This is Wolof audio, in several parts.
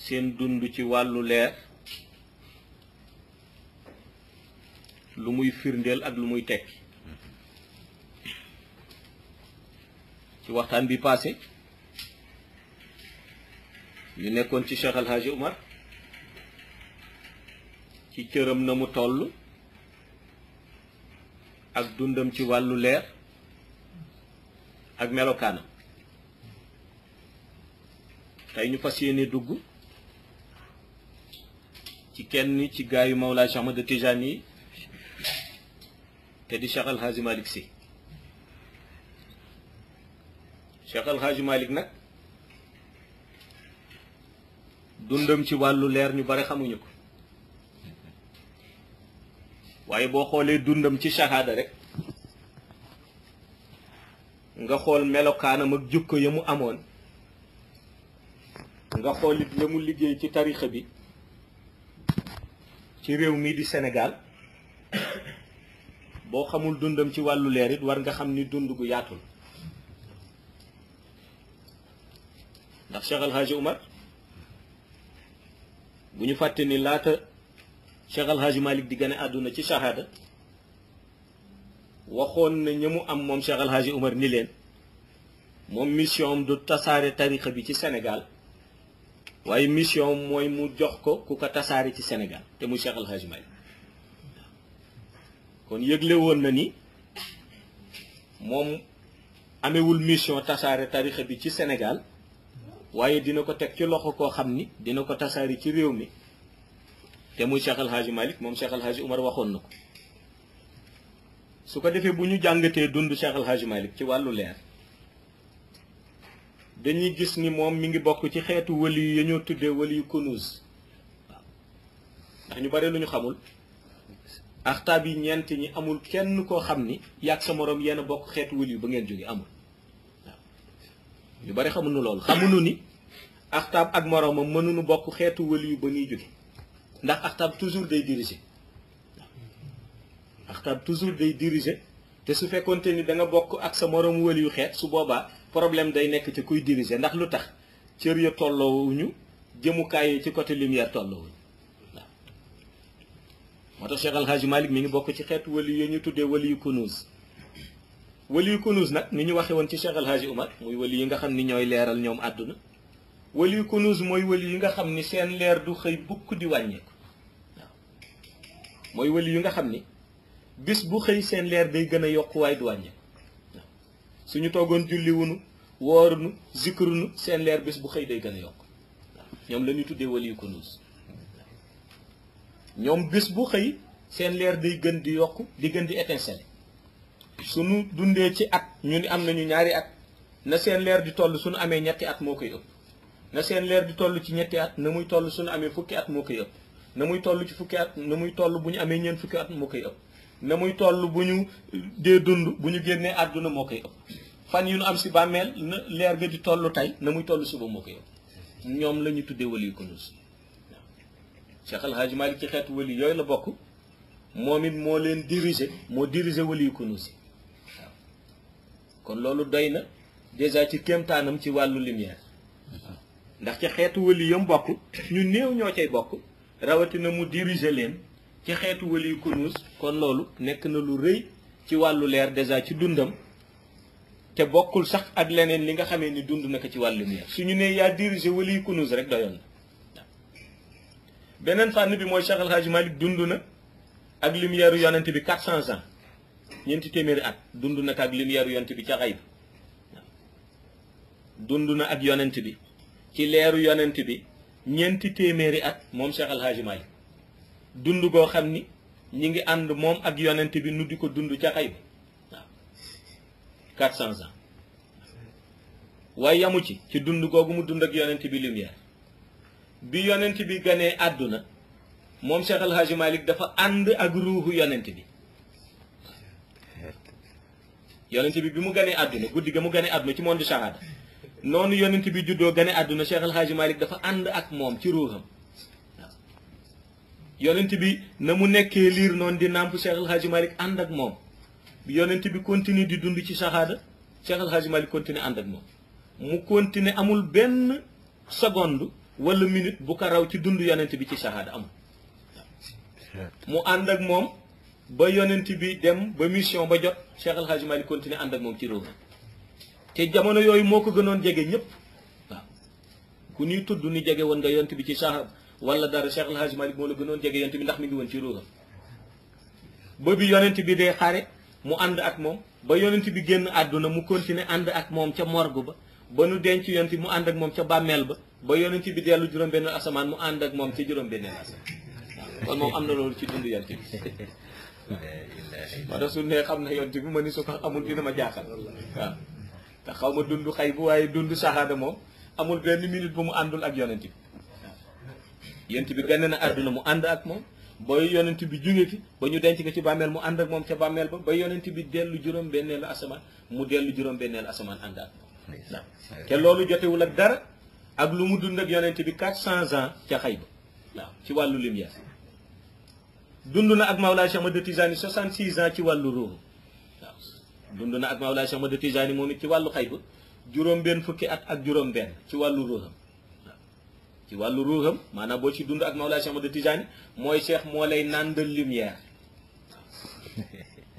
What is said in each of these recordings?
seen dund ci wàllu leer lu muy firndeel ak lu muy tekki ci waxtaan bi paase ñu nekkoon ci Cheikh Alhaji Umar ci cëram na mu toll ak dundam ci wàllu leer ak melokaanam tey ñu fas yéene dugg ci kenn ci gaayu Mawlaa Cheikh Ahmad Tijaan yi te di Cheikh El Hadj si Sy Cheikh El nag dundam ci wàllu leer ñu bare xamuñu ko waaye boo xoolee dundam ci shahada rek nga xool melokaanam ak jukko ya mu amoon nga xool it mu liggéey ci tarixa bi ci réew mii di Sénégal boo xamul dundam ci wàllu leer it war nga xam ni dund gu yaatul ndax Cheikh Al Hadj Umar bu ñu fàtte ni laata Cheikh Al Hadj Malick di gane àdduna ci shahada waxoon na ñamu am moom Cheikh Al Umar ni leen moom mission am du tasaare tarixa bi ci senegaal waaye mission mooy mu jox ko ku ko tasaare ci senegal te muy Cheikh Al Hadj kon yëgle woon na ni moom amewul mission tasaare tarixa bi ci senegal waaye dina ko teg ci loxo koo xam ni dina ko tasaari ci réew mi te muy Cheikh Al Hadj moom Cheikh Al Umar waxoon na ko su ko defee bu ñu jàngatee dund Cheikh Al Hadj ci wàllu leer. dañuy gis ni moom mu ngi bokk ci xeetu wëli ya ñoo tuddee wëli yu kunuz waaw ndax ñu bare lu ñu xamul axtaab yi ñeent ñi amul kenn koo xam ni yàgg sa moroom yenn bokk xeetu wëli ba ngeen jógee amul waaw ñu bare xamuñu loolu xamuñu ni axtaab ak moroomam mënuñu bokk xeetu wëli yu ba ñuy jóge ndax axtaab toujours day diriger waaw axtaab day diriger te su fekkonte ni da nga bokk ak sa moroom wëli yu xeet su boobaa problème day nekk ci kuy dirise ndax lu tax cër ya tolloowuñu jëmukaay yi ci côté lumière tolloowuñu waaw moo tax Cheikh Alhaji Malick mi ngi bokk ci xeetu wël yu ñu tuddee wali yi kunuus wali yu kunuus nag ni ñu waxe woon ci Cheikh Alhaji Umar muy wali yi nga xam ni ñooy leeral ñoom àdduna wali yu kunuus mooy wali yi nga xam ni seen leer du xëy bukk di wàññeeku waaw mooy wali yi nga xam ni bis bu xëy seen leer day gën a waaye du wàññeeku suñu toogoon julli wunu woorunu zikrunu seen leer bés bu xëy day gën yokk ñoom la ñu tuddee waliyu kunuus ñoom bés bu xëy seen leer day gën di yokk di gën di su nu dundee ci at ñu ni am nañu ñaari at na seen leer di toll suñu amee ñetti at moo koy ëpp na seen leer di toll ci ñetti at na muy toll suñu amee fukki at moo koy ëpp na muy tollu ci fukki at na muy toll bu ñu amee ñeent fukki at moo koy ëpp na muy toll bu ñu dee dund bu ñu génnee àdduna moo koy ëpp fan yu nu am si bàmmeel na leer ga di toll tey na muy toll suba moo koy ëpp ñoom la tuddee waliyu kunus Cheikh Al Hadj Malick ci xeetu wali yooyu la bokk moom moo leen diriger moo diriger waliyu kunus kon loolu doy na dèjà ci kéemtaanam ci wàllu lumière ndax ci xeetu wali yam bokk ñu néew ñoo cay bokk rawatina mu diriger leen ci xeetu waliyu kunuus kon loolu nekk na lu rëy ci wàllu leer dèjà ci dundam te bokkul sax ak leneen li nga xamee ni dund na ko ci wàllu leer ñu ne yaa dirigé waliyu kunuus rek doyoon na beneen fànn bi mooy Cheikh El Hadj dund na ak lumière yonent bi 400 ans ñeenti téeméeri at dund na ak lumière yonent bi ca dund na ak yonent bi ci leeru yonent bi ñeenti téeméeri at moom Cheikh El Hadj dund goo xam ni ñu ngi ànd moom ak yonent bi nu di ko dund ca xay waaw quatre cents waaye yamu ci ci dund googu mu dund ak yonent bi lumière bi yonent bi ganee àdduna moom Cheikh El Hadj dafa ànd ak ruuxu yonent bi yonent bi bi mu ganee àdduna guddi ga mu gane àdduna ci monde shahada noonu yonent bi juddoo ganee àdduna Cheikh El Hadj dafa ànd ak moom ci ruuxam yonent bi na mu nekkee liir noonu di nàmp Cheikh El ànd ak moom yonent bi continue di dund ci saxaada Cheikh El Hadj Malick continue ànd ak moom mu continue amul benn seconde wala minute bu ko ci dund yonent bi ci saxaada amul mu ànd ak moom ba yonent bi dem ba mission ba jot Cheikh El Hadj Malick continue ànd ak moom ci réew te jamono yooyu moo ko gënoon jege ñëpp waaw ku ñuy tudd ni jege woon nga yonent bi ci saxaaba wala dara Cheikh El bi Malick moo la gënoon jege yonent bi ndax mi ngi woon ci ruuram ba bi yonent bi dee xare mu ànd ak moom ba yonent bi génn àdduna mu continuer ànd ak moom ca morgue ba ba nu denc yonent bi mu ànd ak moom ca bàmmeel ba ba yonent bi dellu juróom-benn asamaan mu ànd ak moom ca juróom moom am na loolu ci dund yonent bi ma rasul ne xam na yonent bi ma ni amul dina ma jaaxal waaw te xaw ma dund xay bu waaye dund saxaada moom amul benn minute bu mu àndul ak yonent bi yonent bi gane na àdduna mu ànd ak moom ba yonent bi jóge fi ba ñu denc ko ci bàmmeel mu ànd ak moom ca bàmmeel ba ba yonent bi dellu juróom benneelu asamaan mu dellu juróom benneelu asamaan ànd ak moom te loolu jotewul ak dara ak lu mu dund ak yonent bi quatre cent ans ca waaw ci wàllu lumière dund na ak Mawlaa Cheikh Ahmad Tijaani soixante six ci wàllu ruuxu waaw na ak Mawlaa Cheikh Ahmad Tijaani moom it ci wàllu Xayba juróom benn fukki at ak juróom benn ci wàllu ruuxam ci wàllu ruuxam maanaam boo ci dund ak Mawlaay Cheikh de Tijaani mooy cheikh moo lay nàndal lumière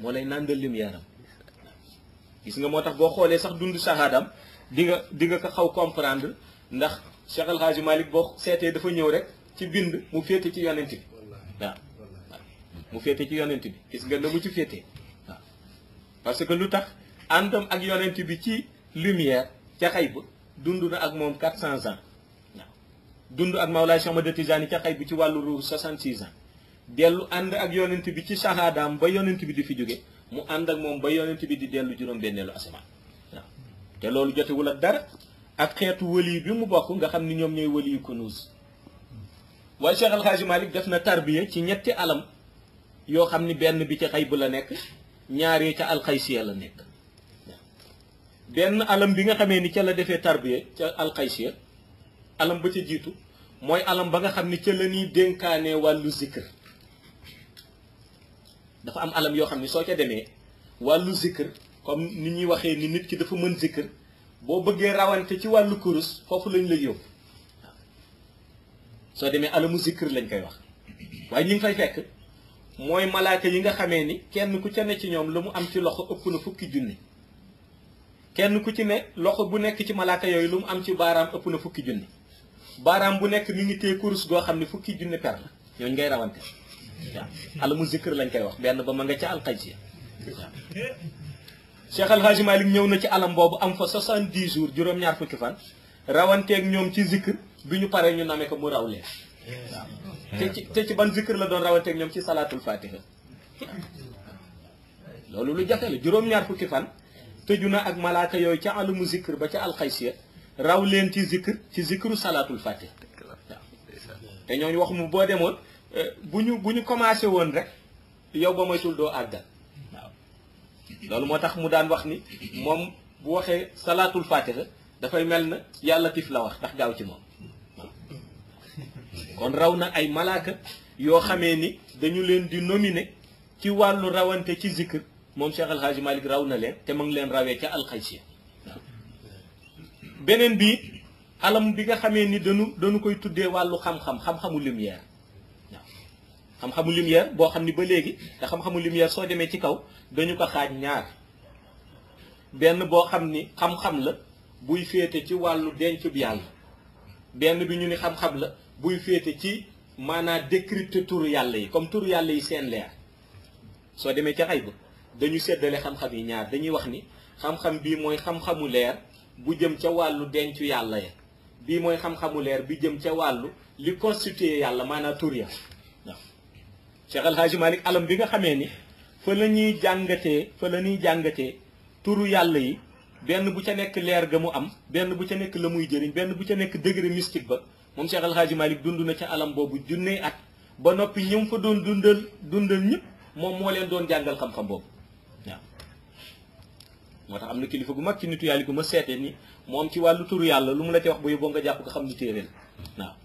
moo lay nàndal lumière am gis nga moo tax boo xoolee sax dund saxaadam di nga di nga ko xaw comprendre ndax Cheikh El Hadji boo seetee dafa ñëw rek ci bind mu féete ci yonent bi mu féete ci yonent bi gis nga na mu ci féete parce que lu tax àndam ak yonent bi ci lumière ca xay ba dund na ak moom 400 ans dund ak Mawlaay Cheikh Ahmad Tijaani ca xay bi ci wàllu ruuhu 66 ans dellu ànd ak yonent bi ci saxaadaam ba yonent bi di fi jóge mu ànd ak moom ba yonent bi di dellu juróom-benneelu asamaan waaw te loolu jotewul ak dara ak xeetu wëli bi mu bokk nga xam ni ñoom ñooy wëli yu Kunûz waaye Cheikh Al Hadj def na tarbiya ci ñetti alam yoo xam ni benn bi ci xay bu la nekk ñaar yi ca alxaysiya la nekk benn alam bi nga xamee ni ca la defee tarbiya ca alxaysiya alam ba ca jiitu mooy alam ba nga xam ni ca la ñuy dénkaane wàllu zikr dafa am alam yoo xam ni soo ca demee wàllu zikr comme ni ñuy waxee ni nit ki dafa mën zikr boo bëggee rawante ci wàllu kurus foofu lañ lay yóbbu soo demee alamu zikr lañ koy wax waaye li nga fay fekk mooy malaaka yi nga xamee ni kenn ku ca ne ci ñoom lu mu am ci loxo ëpp na fukki junni kenn ku ci ne loxo bu nekk ci malaaka yooyu lu mu am ci baaraam ëpp na fukki junni baaraam bu nekk mi ngi téye kurus goo xam ne fukki junni per la ñooñu ngay rawante waaw alamu zikr lañ koy wax benn ba ma nga ca alxaj waaw Cheikh Al Hadj ñëw na ci alam boobu am fa di jours juróom-ñaar fukki fan rawanteeg ñoom ci zikr bi ñu paree ñu name ko mu raw leen ci ban zikr la doon rawanteeg ñoom ci salaatul fatiha loolu lu jafe la juróom-ñaar fukki fan tëju na ak malaaka yooyu ca alamu zikr ba ca alxaysiya raw leen ci zikr ci zikru salaatul fàtte te ñooñu waxumu boo demoon euh, bu ñu bu ñu commencé woon rek yow ba moytul doo àggal waaw loolu moo tax mu daan wax ni moom bu waxee salaatul fatiha dafay mel na yàlla tif la wax ndax gaaw ci moom kon raw na ay malaaka yoo xamee ni dañu leen di nomine ci wàllu rawante ci zikr moom Cheikh Alhaaji Malick raw na leen te mu leen rawee ca alxaysiya beneen bi alam bi nga xamee ni dañu dañu koy tuddee wàllu xam-xam xam-xamu lumière xam-xamu lumière boo xam ni ba léegi te xam soo demee ci kaw dañu ko xaaj ñaar benn boo xam ni xam-xam la buy féete ci wàllu denc bi yàlla benn bi ñu ni xam-xam la buy féete ci maanaam décrypter turu yàlla yi comme turu yàlla yi seen leer soo demee ca xay ba dañu seddale xam-xam yi ñaar dañuy wax ni xam-xam bii mooy xam-xamu leer bu jëm ca wàllu dencu yàlla ya bii mooy xam-xamu leer bi jëm ca wàllu li constitué yàlla maanaa tur ya waaw Cheikh alam bi nga xamee ni fa la ñuy jàngatee fa la ñuy jàngatee turu yàlla yi benn bu ca nekk leer ga mu am benn bu ca nekk la muy jëriñ benn bu ca nekk degré mystique ba moom Cheikh El Hadj dund na ca alam boobu junnee at ba noppi ñoom fa doon dundal dundal ñëpp moom moo leen doon jàngal xam-xam boobu moo tax am na kilifa gu mag ci nitu yàlla gu ma seetee nii moom ci wàllu turu yàlla lu mu la ci wax bu yóbboo nga jàpp ko xam ni téere la waaw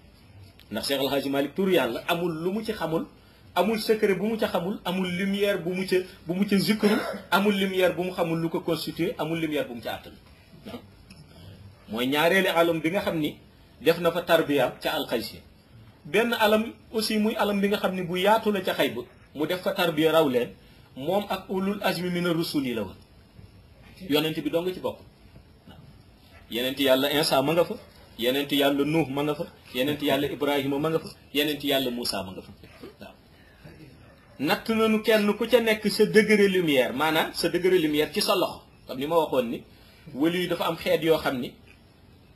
ndax Cheikh El Hadj Malick turu yàlla amul lu mu ci xamul amul secret bu mu ca xamul amul lumière bu mu ca bu mu ca amul lumière bu mu xamul lu ko constitué amul lumière bu mu ca àttan mooy ñaareeli alam bi nga xam ni def na fa tarbiya ca alxaysi benn alam aussi muy alam bi nga xam ni bu yaatu la ca xayb mu def fa tarbiya raw leen moom ak ulul azmi mina rusuli la woon yonent bi nga ci bopp yenent yàlla instant ma nga fa yenent yàlla Nuux ma nga fa yenent yàlla Ibrahima ma nga fa yenent yàlla Moussa ma nga fa waaw natt nañu kenn ku ca nekk sa degré lumière maanaam sa degré lumière ci sa loxo comme ni ma waxoon ni wali dafa am xeet yoo xam ni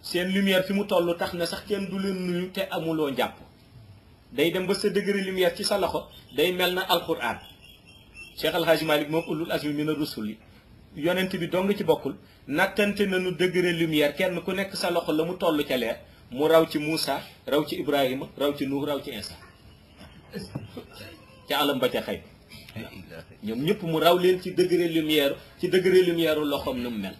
seen lumière fi mu toll tax na sax kenn du leen nuyu te amuloo njàpp day dem ba sa degré lumière ci sa loxo day mel na alquran Cheikh Al Hadj Malick moom ulul azmi mina rusul yonent bi dong ci bokkul nattante nañu degré lumière kenn ku nekk sa loxo la mu tollu ca leer mu raw ci Moussa raw ci Ibrahima raw ci Nuux raw ci Insa ca alam ba ca xay ñoom ñëpp mu raw leen ci degré lumière ci degré lumière loxoom nu mu mel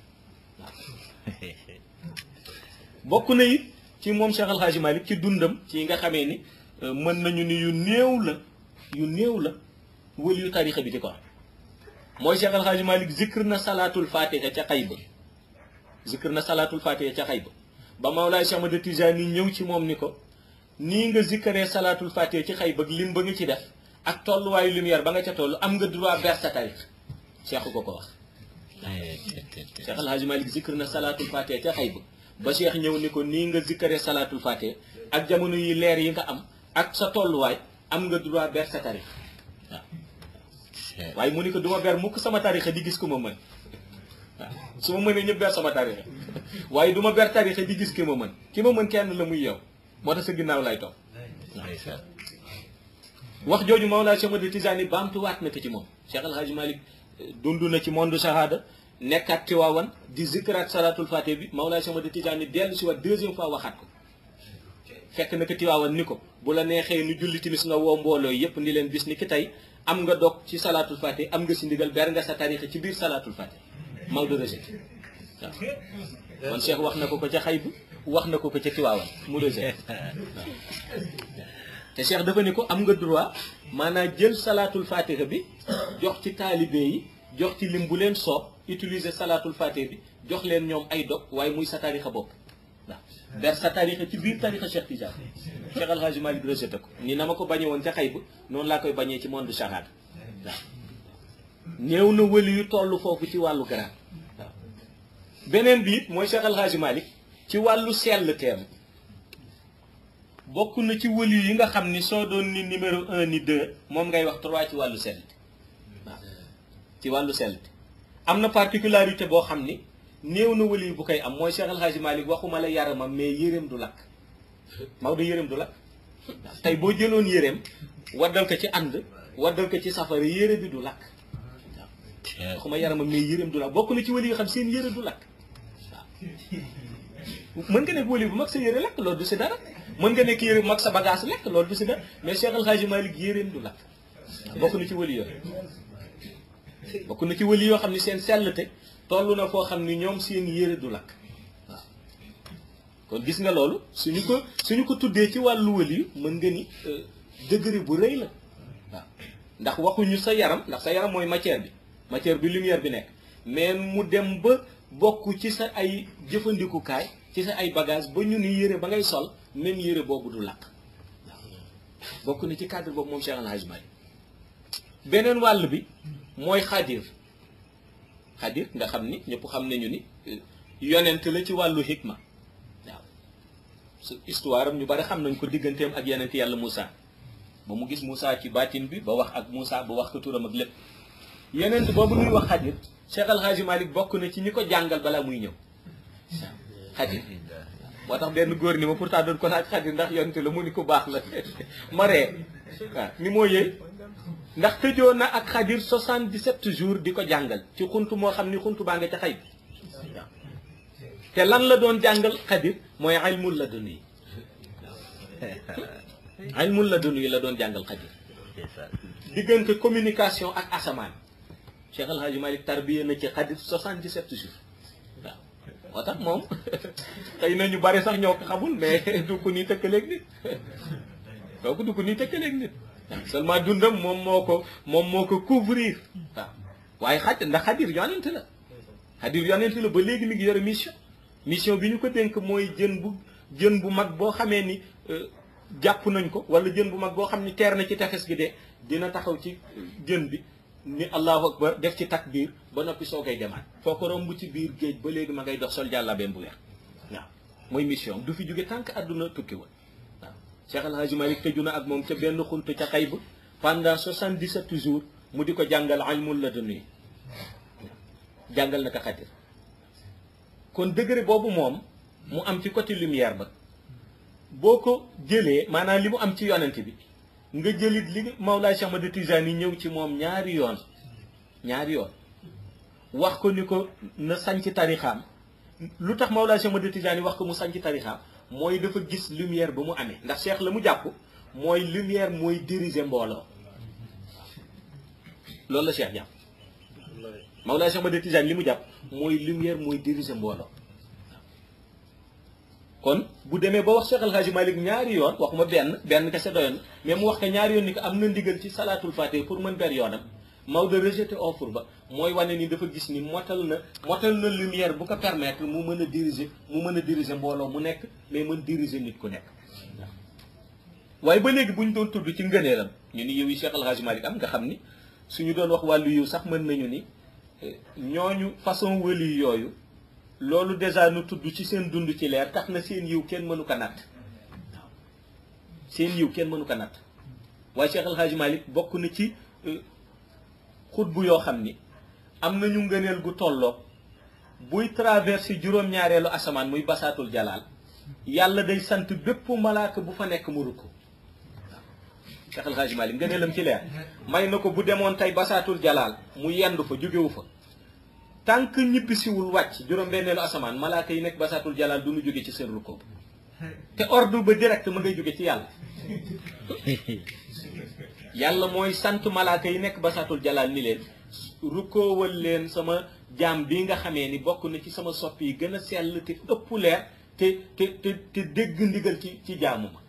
bokk na it ci moom Cheikh Al Hadj ci dundam ci nga xamee ni mën nañu ni yu néew la yu néew la wël yu tarixa bi di ko am mooy Cheikh Al Hadj Malick zikr na salaatul fatiha ca xay ba zikr na salaatul fatiha ca xay ba ba Mawlaay Cheikh Ahmad Tijaani ñëw ci moom ni ko nii nga zikkaree salaatul fatiha ci xay ba lim ba nga ci def ak tolluwaayu lumière ba nga ca toll am nga droit versatile Cheikh ko ko wax. Cheikh Al Hadj na salaatul fatiha xay ba ba Cheikh ñëw ni ko nii nga zikkaree salaatul fatiha ak jamono yi leer yi nga am ak sa tolluwaay am nga droit versatile. waaye mu ni ko du ma ber mukk sama tarixa di gis ku ma mën su ma mënee ñëpp ber sama tarixa waaye du ma ber tarixa di gis ki ma mën ki ma mën kenn la muy yow moo tax sa ginnaaw lay topp wax jooju Mawlaa Cheikh Ahmad Tijaani baamtuwaat na ko ci moom Cheikh El Hadj dund na ci monde shahada nekkaat Tiwaawan di zikraat salaatul faate bi Mawlaa Cheikh Ahmad Tijaani dellu si waat deuxième fois waxaat ko fekk na ko Tiwaawan ni ko bu la neexee nu julli timis nga woo mbooloo yépp ni leen bis ni tey am nga dog ci salaatul fatih am nga sindigal ndigal nga sa tarixa ci biir salaatul fatih Maodo rejeté waaw kon Cheikh wax na ko ko ca xay bi wax na ko ko ca Tiwaawan mu rejeté te Cheikh dafa ne ko am nga droit maanaam jël salaatul fatiha bi jox ci taalibe yi jox ci lim bu leen soob utiliser salaatul fatih bi jox leen ñoom ay dog waaye muy sa tarixa bopp ber sa tarixa ci biir tarixa Cheikh Tidiane Cheikh Al ko ni na ma ko bañe woon ca xay bu noonu laa koy bañee ci monde shahada waaw na wëli yu toll foofu ci wàllu garaat beneen bi mooy Cheikh Al ci wàllu sell teem bokk na ci wëli yi nga xam ni soo doon ni numéro un ni deux moom ngay wax trois ci wàllu sell waaw ci wàllu sell am na particularité boo xam ni néew na wëli bu koy am mooy Cheikh El waxuma la yaramam mais yéreem du lakk Maodo yéreem du lakk tey boo jëloon yéreem waddal ko ci ànd waddal ko ci safara yére bi du lakk waaw waxuma yaramam mais yéreem du lakk bokk na ci wëli yoo xam seen yére du lakk mën nga nekk wëli bu mag sa loolu du si dara mën nga nekk yére bu mag sa bagage lekk loolu du si dara mais Cheikh El Hadj bokk na ci wëli yooyu yoo xam ne seen sellte tollu na foo xam ni ñoom seen yére du lakk waaw kon gis nga loolu suñu ko suñu ko tuddee ci wàllu wëliyu mën nga ni euh, degré bu rëy la waaw ndax waxuñu sa yaram ndax sa yaram mooy matière bi matière bi lumière bi nekk mais mu dem ba bokk ci sa ay jëfandikukaay ci sa ay bagage ba ñu ni yére ba ngay sol même yére boobu du lakk bokk na ci cadre boobu moom Cheikh Al Hadj beneen wàll bi mooy xaadir xadir nga xam ni ñépp xam nañu ni eh, yonent la ci wàllu hikma waaw su histoire am ñu bari xam nañ ko digganteem ak yonent yàlla Moussa ba mu gis Moussa ci baatin bi ba wax ak Moussa ba wax ko turam ak lépp yonent boobu nuy wax xadir Cheikh Al bokk na ci ñi ko jàngal balaa muy ñëw xadir moo tax benn góor ni ma pourtant doon ko laaj xadir ndax yonent la mu ni ko baax la ma ree ni moo yëy ndax tëjoon na ak xadir 77 jours di ko jàngal ci xuntu moo xam ni xuntu baa nga ca xay te lan la doon jàngal xadir mooy ilmul laduni ilmul laduni la la doon jàngal xadir diggante communication ak asamaan Cheikh Alhaji Malick tarbiye na ci xadir 77 jours waaw moo tax moom xëy na ñu bari sax ñoo ko xamul mais du ko nii tëkkaleeg nit kooku du ko nii tëkkaleeg nit seulement dundam moom moo ko moom moo ko couvrir waaw waaye xaj ndax xadir yonent la xadir yonent la ba léegi mi ngi yore mission mission bi ñu ko dénk mooy jën bu jën bu mag boo xamee ni euh, jàpp nañ ko wala jën bu mag boo xam ni teer na ci tefes gi de dina taxaw ci euh, jën bi ni allahu ba def ci takbir ba noppi soo koy demaat foo ko romb ci biir géej ba léegi ma ngay dox sol jàllabeem bu weex waaw mooy mission du fi jóge tànk àdduna tukki woon Cheikh El Hadj Malick tëju na ak moom ca benn xunt ca xay xayb pendant 77 jour mu di ko jàngal almul la danuy jàngal na ko xatir kon degré boobu moom mu am ci côté lumière ba boo ko jëlee maanaam li mu am ci yonent bi nga jëlit li Mawlaay Cheikh Ahmad Tijaani ñëw ci moom ñaari yoon ñaari yoon wax ko ni ko na sañ ci tarixaam lu tax Mawlaay Cheikh Ahmad Tijaani wax ko mu sañ ci tarixaam mooy dafa gis lumière ba mu amee ndax cheikh la mu jàpp mooy lumière mooy diriger mbooloo loolu la cheikh jàpp Mawlana Cheikh Ahmad Tijaan li mu jàpp mooy lumière mooy diriger mbooloo kon bu demee ba wax Cheikh El Hadj ñaari yoon waxuma benn benn kese doyoon mais mu wax ko ñaari yoon ni ko am na ndigal ci salaatul fatih pour mën ber yoonam Maodo rejeté offre ba mooy wane nii dafa gis ni motal na motal na lumière bu ko permettre mu mën a diriger mu mën a diriger mbooloo mu nekk mais mën diriger nit ku nekk waaye ba léegi bu ñu doon tudd ci ngëneelam ñu ni yow yi Cheikh El Hadj am nga xam ni suñu doon wax wàllu yiw sax mën nañu ni eh, ñu façon wëli yooyu loolu dèjà nu tudd ci seen dund ci leer tax na seen yiw kenn mënu ko natt seen yiw kenn mënu ko natt waaye Cheikh El Hadj bokk na ci euh, bu yoo xam ni am na ñu ngëneel gu tolloo buy traversé juróom-ñaareelu asamaan muy basaatul jalaal yàlla day sant bépp malaaka bu fa nekk mu rukk Cheikh El Hadj Malick ci leer may na ko bu demoon tey basaatul jalaal mu yendu fa jógewu fa tànk ñibbisiwul wàcc juróom-benneelu asamaan malaaka yi nekk basaatul jalaal du ñu jóge ci seen rukkoo te ordre ba direct ma ngay jóge ci yàlla yàlla mooy sant malaaka yi nekk basatul jalaal ni leen rukkoowal leen sama jaam bi nga xamee ni bokk na ci sama sopp yi gën a sell te ëpp leer te te te dégg ndigal ci ci jaamu ma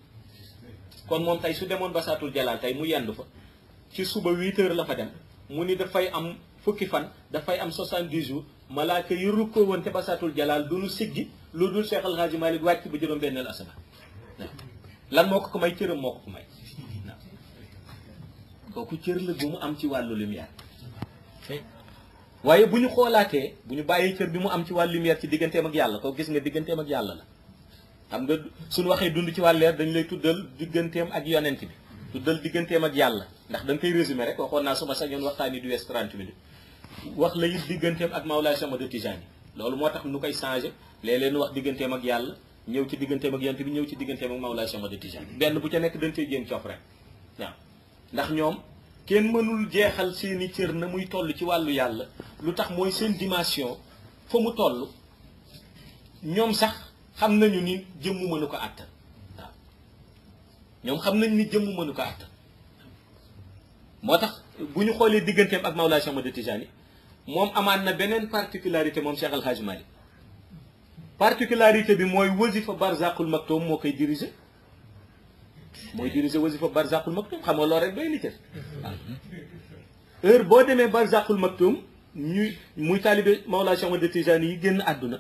kon moom tey su demoon basatul jalaal tey mu yendu fa ci suba huit heures la fa dem mu ni dafay am fukki fan dafay am soixante-dix jours malaaka yi rukkoo woon te basatul jalaal du nu siggi lu dul Cheikh Alhaaji Malick wàcc ba juróom-benneel asamaan lan moo ko ko may cëram moo kooku cër la bu mu am ci wàllu lumière eh? waaye bu ñu xoolaatee bu ñu bàyyee cër bi mu am ci wàllu lumière ci digganteem ak yàlla kooku gis nga digganteem ak yàlla la xam nga suñu waxee dund ci wàllu leer dañ lay tuddal digganteem ak yonent bi tuddal digganteem ak yàlla ndax da nga koy résumé rek waxoon naa suma sañoon waxtaan yi du wees 30 minutes wax la it digganteem ak Mawlaay Cheikh Ahmad yi loolu moo tax nu koy changé léeg leen wax digganteem ak yàlla ñëw ci digganteem ak yonent bi ñëw ci digganteem ak Mawlaay Cheikh Ahmad benn bu ca nekk dañ cay jéem cof rek waaw ndax ñoom kenn mënul jeexal seeni cër na muy toll ci wàllu yàlla lu tax mooy seen dimension foo mu toll ñoom sax xam nañu ni jëmmu mënu ko àttan waaw ñoom xam nañ ni jëmmu mënu ko àttan moo tax bu ñu xoolee digganteem ak Mawlaa Cheikh Ahmad Tijaani moom amaan na beneen particularité moom Cheikh Al Hadj Malick particularité bi mooy wasifa barzaqul maktoum moo koy diriger mooy dirigé wasifa barzaqul maktum xam nga loolu rek doy na cër ah. heure boo demee barzaqul maktum ñuy muy taalibe Mawlaa Cheikh Ahmad Tijaani yi génn àdduna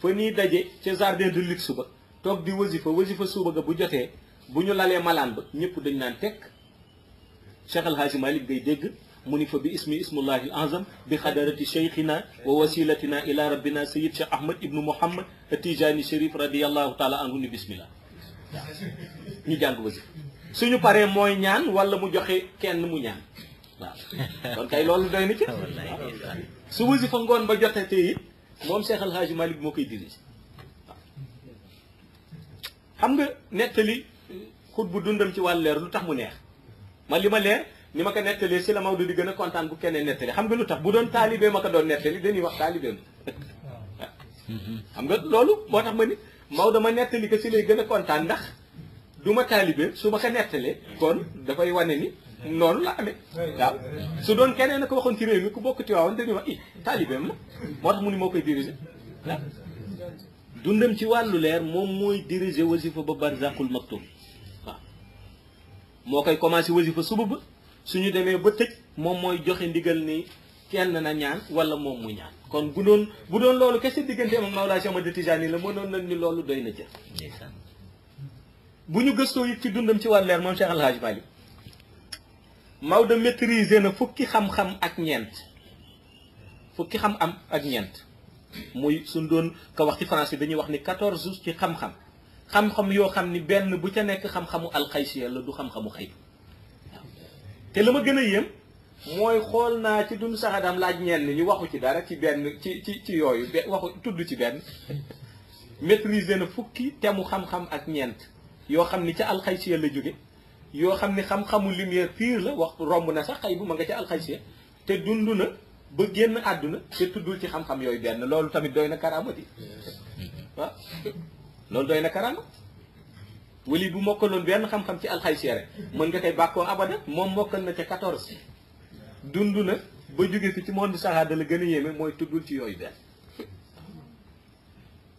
fa nii daje ca jardin du luxe ba toog di wasifa wasifa suba ga bu jotee bu ñu lalee malaan ba ñëpp dañ naan tekk Cheikh El Hadji ngay dégg mu ni fa bi ismi ismullahi azam bi xadarati cheikhina wa wasilatina ila rabbina sayid Cheikh Ahmad ibnu Mouhammad Tijaani Chérif radiallahu taala anhu ni ñu jàng wasi suñu paree mooy ñaan wala mu joxe kenn mu ñaan waaw kay loolu doy na ci su wasi fa ngoon ba jote te it moom seexal El Hadj Malick moo koy dirige waaw xam nga nettali xut bu dundal ci wàll leer lu tax mu neex ma li ma leer ni ma ko nettalee si la Maodo di gën a kontaan bu keneen nettali xam nga lu tax bu doon taalibee ma ko doon nettali dañuy wax taalibee ma xam nga loolu moo tax ma ni Maodo dama nettali ko si lay gën a kontaan ndax du ma taalibe su ma ko nettalee kon dafay wane ni noonu la amee waaw su doon keneen ko waxoon ci ku bokk Tiwaawan dañuy wax i taalibeem la moo tax mu ni moo koy diriger waaw dundam ci wàllu leer moom mooy diriger wasifa ba barzaqul maktum waaw moo koy commencé wasifa suba su ñu demee ba tëj moom mooy joxe ndigal ni kenn na ñaan wala moom mu ñaan kon bu doon bu doon loolu kese diggante moom Mawlaa Cheikh Ahmad Tijaani la mënoon nañ ni loolu doy na jël bu ñu gëstoo it ci dundam ci wàllu leer moom Cheikh Alhaaj Mali Maodo maîtriser na fukki xam-xam ak ñeent fukki xam am ak ñeent muy suñ doon ko wax ci français dañuy wax ni quatorze jours ci xam-xam xam-xam yoo xam ni benn bu ca nekk xam-xamu alxaysiya la du xam-xamu xëy te la ma gën a yéem mooy xool naa ci dun saxadam laaj ñenn ñu waxu ci dara ci benn ci ci ci yooyu be waxu tudd ci benn maîtriser na fukki temu mu xam-xam ak ñeent yoo xam ni ca alxaysiya la jóge yoo xam ni xam-xamu lumière pure la wax romb na sax xëy bu ma nga ca alxaysiya te dund na ba génn àdduna te tuddul ci xam-xam yooyu benn loolu tamit doy na karaamati waaw mm-hmm. ah. loolu doy na karaama wali bu mokkaloon benn xam-xam ci alxaysiya rek mën nga koy bàkkoo abada moom mokkal na ca 14. dund na ba jóge fi ci monde saxaada la gën a yéeme mooy tuddul ci yooyu benn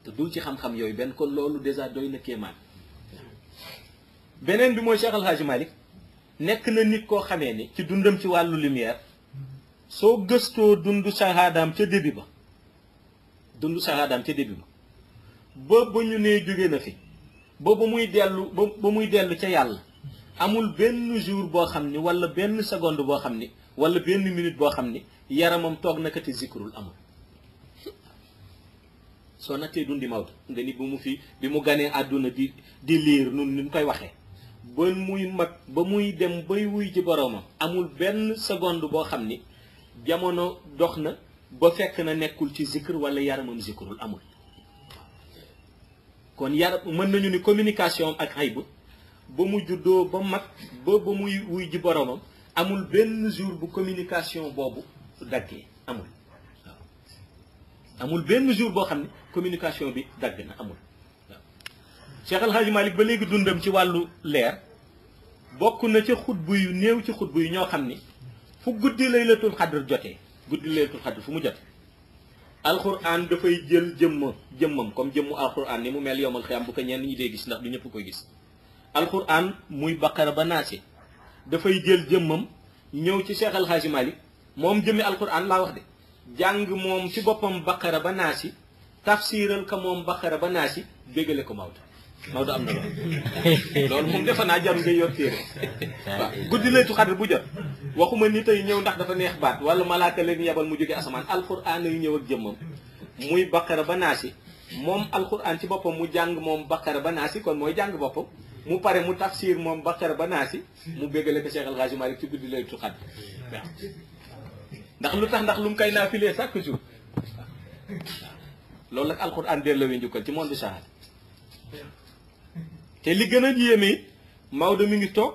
tuddul ci xam-xam yooyu benn ko loolu dèjà doy na kéemaan beneen bi mooy Cheikh Al Hadj nekk na nit koo xamee ni ci dundam ci wàllu lumière soo gëstoo dundu saxaadaam ca début ba dundu saxaadaam ca début ba ba ba ñu nee jóge na fi ba ba muy dellu ba ba muy dellu ca yàlla amul benn jour boo xam ni walla benn segond boo xam ni wala benn minute boo xam ni yaramam toog nakati zikrul amul soo nattee dundi Maodo nga ni bi mu fi bi mu ganee àdduna di di liir nun ni ñu koy waxee ba muy mag ba muy dem bay wuy ji boroomam amul benn seconde boo xam ni jamono dox na ba fekk na nekkul ci zikr wala yaramam zikrul amul kon yaram mën nañu ni communication ak xayb ba mu juddoo ba mag ba ba muy wuy ji boroomam amul benn jour bu communication boobu daggee amul waaw amul benn jour boo xam ne communication bi dagg na amul waaw Cheikh El Hadj ba léegi dundam ci wàllu leer bokk na ca xutbu yu néew ci xutbu yu ñoo xam ni fu guddi laylatul xadr jotee guddi laylatul xadr fu mu jot jotee alxuraan dafay jël jëmmam jëmmam comme jëmmu alxuraan ni mu mel yomal xiyam bu ko ñenn ñi dee gis ndax du ñëpp koy gis alxuraan muy baqara ba naase dafay jël jëmmam ñëw ci Cheikh Alxaaji Malik moom jëmmi alquran laa wax de jàng moom ci boppam baqara ba naasi tafsiral ka moom baqara ba naasi bégale ko Maodo Maodo am na loolu loolu moom defe naa jarul ngay yor téere waaw guddi laytu xadar bu jot waxuma ni tey ñëw ndax dafa neex baat wala malaaka leen yebal mu jóge asamaan alquran yu ñëw ak jëmmam muy baqara ba naasi moom alquran ci boppam mu jàng moom baqara ba naasi kon mooy jàng boppam mu pare mu tafsir moom Baqara ba Naasi mu béggale ko Cheikh El Hadj Malick ci guddi lay tuxaat waaw ndax lu tax ndax lu mu naa naafilee chaque jour loolu nag alxuraan delloo wi njukkal ci moom monde sahal te li gën a yéeme Maodo mi ngi toog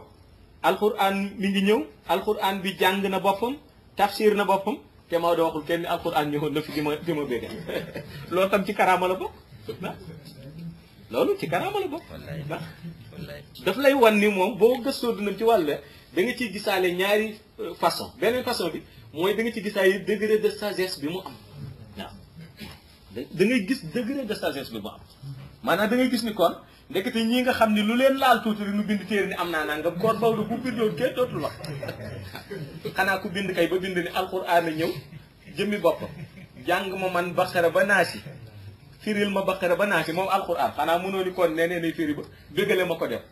alxuraan mi ngi ñëw alxuraan bi jàng na boppam tafsir na boppam te Maodo waxul kenn alxuraan ñëwoon na di ma di ma béggal loolu tam ci karaama la bokk loolu ci karaama la bokk daf lay wan ni moom boo gëstoo dundam ci wàll da nga ci gisaale ñaari euh, façon beneen façon bi mooy da nga ci gisaale degré de bi mu am waaw da gis degré de sagesse bi mu am maanaam da gis ni kon ndekete ñi nga xam ni lu leen laal tuuti rek ñu bind téere ni am naa naa nangam koor bawdu bu bindoon kenn dootul wax xanaa ku bind kay ba bind ni alquran a ñëw jëmmi bopp jàng ma man baxara ba si firil ma baqara ba naa si moom alquran xanaa mënoo ni kon nee nee firi ba dëggale ma ko def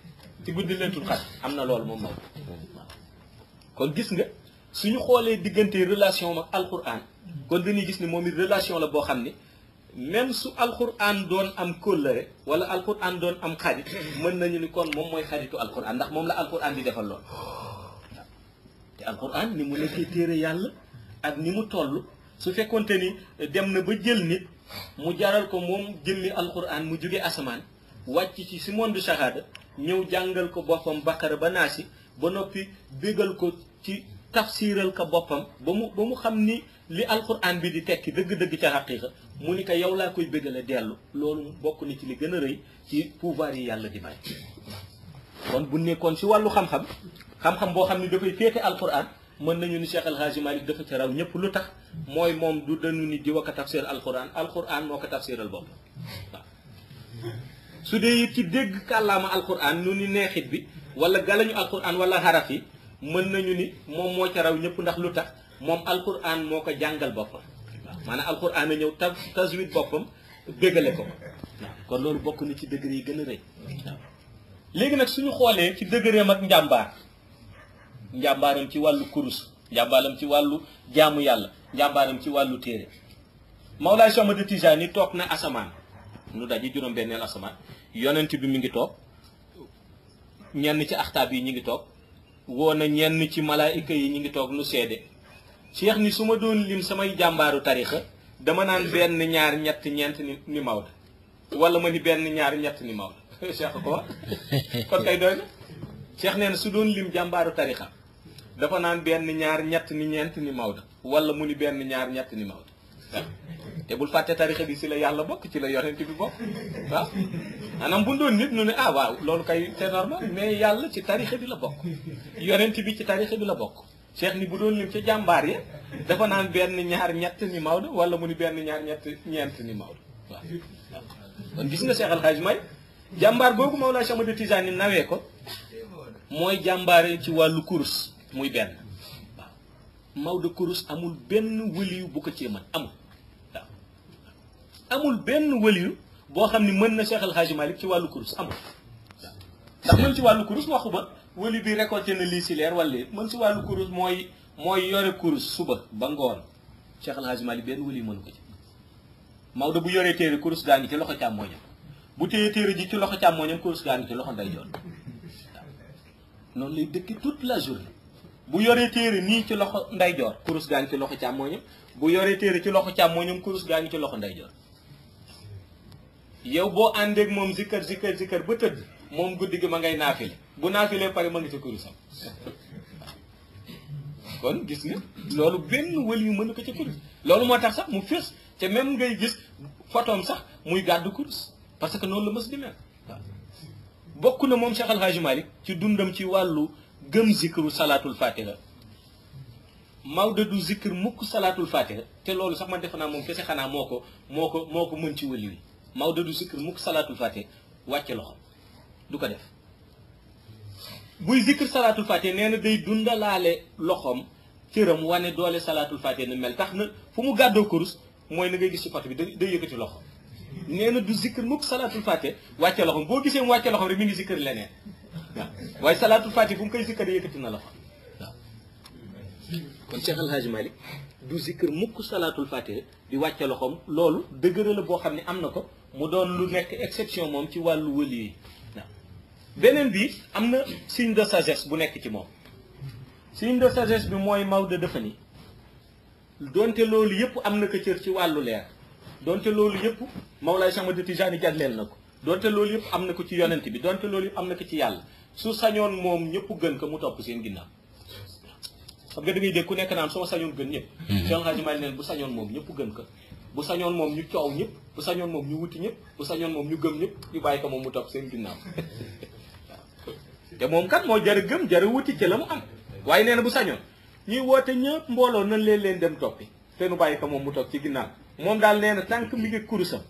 ci guddi lentul xat am na lool moom moom kon gis nga suñu xoolee diggante relation ak alquran kon dañuy gis ni moom it relation la boo xam ni même su alquran doon am kóllëre wala alquran doon am xarit mën nañu ni kon moom mooy xaritu alquran ndax moom la alquran di defal lool te alquran ni mu nekkee téere yàlla ak ni mu toll su fekkonte ni dem na ba jël nit mu jaral ko moom jëmmi alquran mu jóge asamaan wàcc ci si du shahada ñëw jàngal ko boppam baqara ba naasi ba noppi bégal ko ci tafsiral ko boppam ba mu ba mu xam ni li alquran bi di tekki dëgg-dëgg ca xaqiiqa mu ni ko yow laa koy bégale dellu loolu bokk na ci li gën a rëy ci pouvoir yi yàlla di may kon bu nekkoon si wàllu xam-xam xam-xam boo xam ni dafay féete alquran mën nañu ni Cheikh Al Hadji Malick dafa ca raw ñëpp lu tax mooy moom du dañu ni di wa ko tafsir alquran alquran moo ko tafsiral bopp su dee ci dégg kàllaama alquran nu ni neexit bi wala galañu alquran wala xaraf yi mën nañu ni moom moo ca raw ñëpp ndax lu tax moom alquran moo ko jàngal boppam waaw maanaam alquran ñëw ta taswit boppam bégale ko waaw kon loolu bokk na ci degré yi gën a rëy léegi nag suñu xoolee ci degré ak njàmbaar njàmbaaram ci wàllu kurus njàmbaaram ci wàllu jàmm yàlla njàmbaaram ci wàllu téere Mawlaay sama Ahmad Tijaani toog na asamaan nu daje juróom-benneel asamaan yonent bi mi ngi toog ñenn ci axtaab yi ñu ngi toog woo na ñenn ci malaayika yi ñu ngi toog nu seede Cheikh ni su ma doon lim samay jàmbaaru tarixa dama naan benn ñaar ñett ñeent ni ni Maodo wala ma ni benn ñaar ñett ni Maodo Cheikh ko kon kay doy na Cheikh nee su doon lim jàmbaaru tarixa dafa naan benn ñaar ñett ni ñeent ni Maodo wala mu ni benn ñaar ñett ni Maodo te bi si la yàlla bokk ci la yonent bi bokk waaw bu doon nit ah, waaw loolu kay c'est normal yàlla ci tarixa bi la bokk yonent bi ci tarixa bi la bokk cheikh ni bu doon lim ca jàmbaar ya dafa naan benn ñaar ñett ni Maodo wala mu benn ñaar ñett ñeent ni Maodo waaw kon gis nga Cheikh Al Hadj May jàmbaar boobu Mawlaa Cheikh Ahmad Tijaani nawee ko mooy jàmbaar yi ci wàllu kurus muy benn waaw Maodo Kourous amul benn wëliyu bu ko cee mën amul waaw amul benn wëliyu boo xam ni mën na Cheikh El Hadj ci wàllu Kourous amul waaw ndax mën ci wàllu Kourous ba wëli bi récolté na lii si leer wala mën si wàllu kurus mooy mooy yore Kourous suba ba ngoon Cheikh El benn wëliyu mënu ko ci Maodo bu yoree téere Kourous gaa ngi ci loxo càmmooñam bu téye téere ji ci loxo càmmooñam Kourous gaa ngi ci loxo ndeyjoor noonu lay dëkk toute la journée. bu yoree téere nii ci loxo ndeyjoor kurus gaa ngi ci loxo càmmooñam bu yoree téere ci loxo càmmooñam kurus gaa ngi ci loxo ndeyjoor yow boo àndeek moom zikkër zikkër zikkër ba tëdd moom guddi gi ma ngay naafile bu naafilee pare ma ngi ci kurusam kon gis nga loolu benn wël yu mën ko ci kurus loolu moo tax sax mu fés te même ngay gis photom sax muy gàddu kurus parce que noonu la mës di mel waaw bokk na moom Cheikh Al ci dundam ci wàllu gëm zikru salaatul fatiha Maodo du zikr mukk salaatul fatiha te loolu sax man defe naa moom kese xanaa moo ko moo ko moo ko mën ci wëli wi Maodo du zikr mukk salaatul fatiha wàcce loxo du ko def buy zikr salaatul fatiha nee na day dundalaale loxoom cëram wane doole salaatul fatiha na mel tax na fu mu gàddoo kurus mooy na ngay gis ci pot bi day yëkkati loxo nee na du zikr mukk salaatul fatiha wàcce loxoom boo gisee mu wàcce loxoom rek mi ngi zikr leneen waaw waaye salaatul faati fu mu koy sikkar yëkkati na la fa kon Cheikh El Hadj Malick du sikkar mukk salaatul fàtte di wàcce loxoom loolu dëgërël boo xam ne am na ko mu doon lu nekk exception moom ci wàllu wëli yi waaw beneen bi am na signe de sagesse bu nekk ci moom signe de sagesse bi mooy Maodo dafa ni doonte loolu yëpp am na ko cër ci wàllu leer donte loolu yëpp Mawlaay Cheikh Ahmad Tijaani jagleel na ko donte loolu yëpp am na ko ci yonent bi donte loolu am na ko ci yàlla su sañoon moom ñëpp gën ko mu topp seen ginnaaw xam nga da ngay ku nekk naan soo sañoon gën ñëpp mm-hmm. Cheikh Hadji Malick bu sañoon moom ñëpp gën ko bu sañoon moom ñu coow ñëpp bu sañoon moom wuti ñëpp bu sañoon moom ñu gëm ñëpp ñu bàyyi ko moom mu topp seen ginnaaw waaw te moo jar a gëm jar a wuti la mu am waaye nee na bu sañoon ñuy woote ñëpp mbooloo nañ leen leen dem toppi te nu bàyyi ko moom mu toog ci ginnaaw moom daal nee na tànk mi ngi kurusam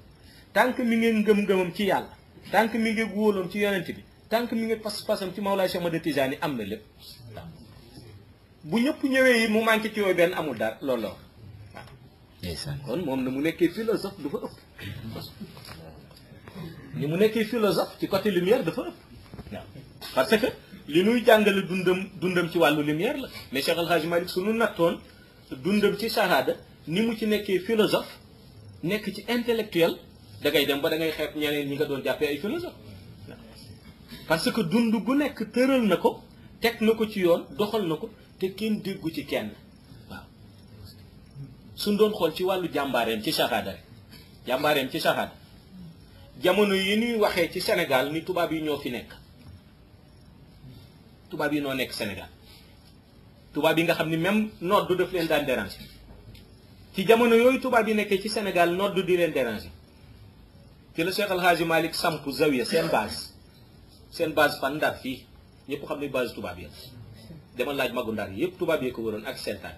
tànk mi ngi ngëm-ngëmam ci yàlla tànk mi ngi wóoloom ci yonent bi tant que mi ngi pas-pasam ci Mawlaay Cheikh Ahmad am na lépp bu ñëpp ñëwee yi mu manqué ci yooyu benn amul daal loolu la waaw kon moom na mu nekkee philosophe dafa ëpp ni mu nekkee philosophe ci côté lumière dafa ëpp parce que li nuy jàngale dundam dundam ci wàllu lumière la mais Cheikh Al Hadj Malick suñu nattoon dundam ci shahada ni mu ci nekkee philosophe nekk ci intellectuel da ngay dem ba da ngay xeeb ñeneen ñi nga doon jàppee ay philosophe parce que dund gu nekk tëral na ko teg na ko ci yoon doxal na ko te kenn déggu ci kenn waaw suñ doon xool ci wàllu jàmbaareem ci shahada rek ci shahada jamono yi ñuy waxee ci Sénégal ni tubaab yi ñoo fi nekk tubaab yi noo nekk Sénégal tubaab yi nga xam ni même nodd daf leen daan déranger ci jamono yooyu tubaab yi nekkee ci Sénégal nodd di leen déranger ci la Cheikh Al samp zawiya seen base seen base fan Ndar fii ñëpp xam ne base tubaab yi dama laaj magu Ndar yëpp tubaab yi ko waroon ak seetaan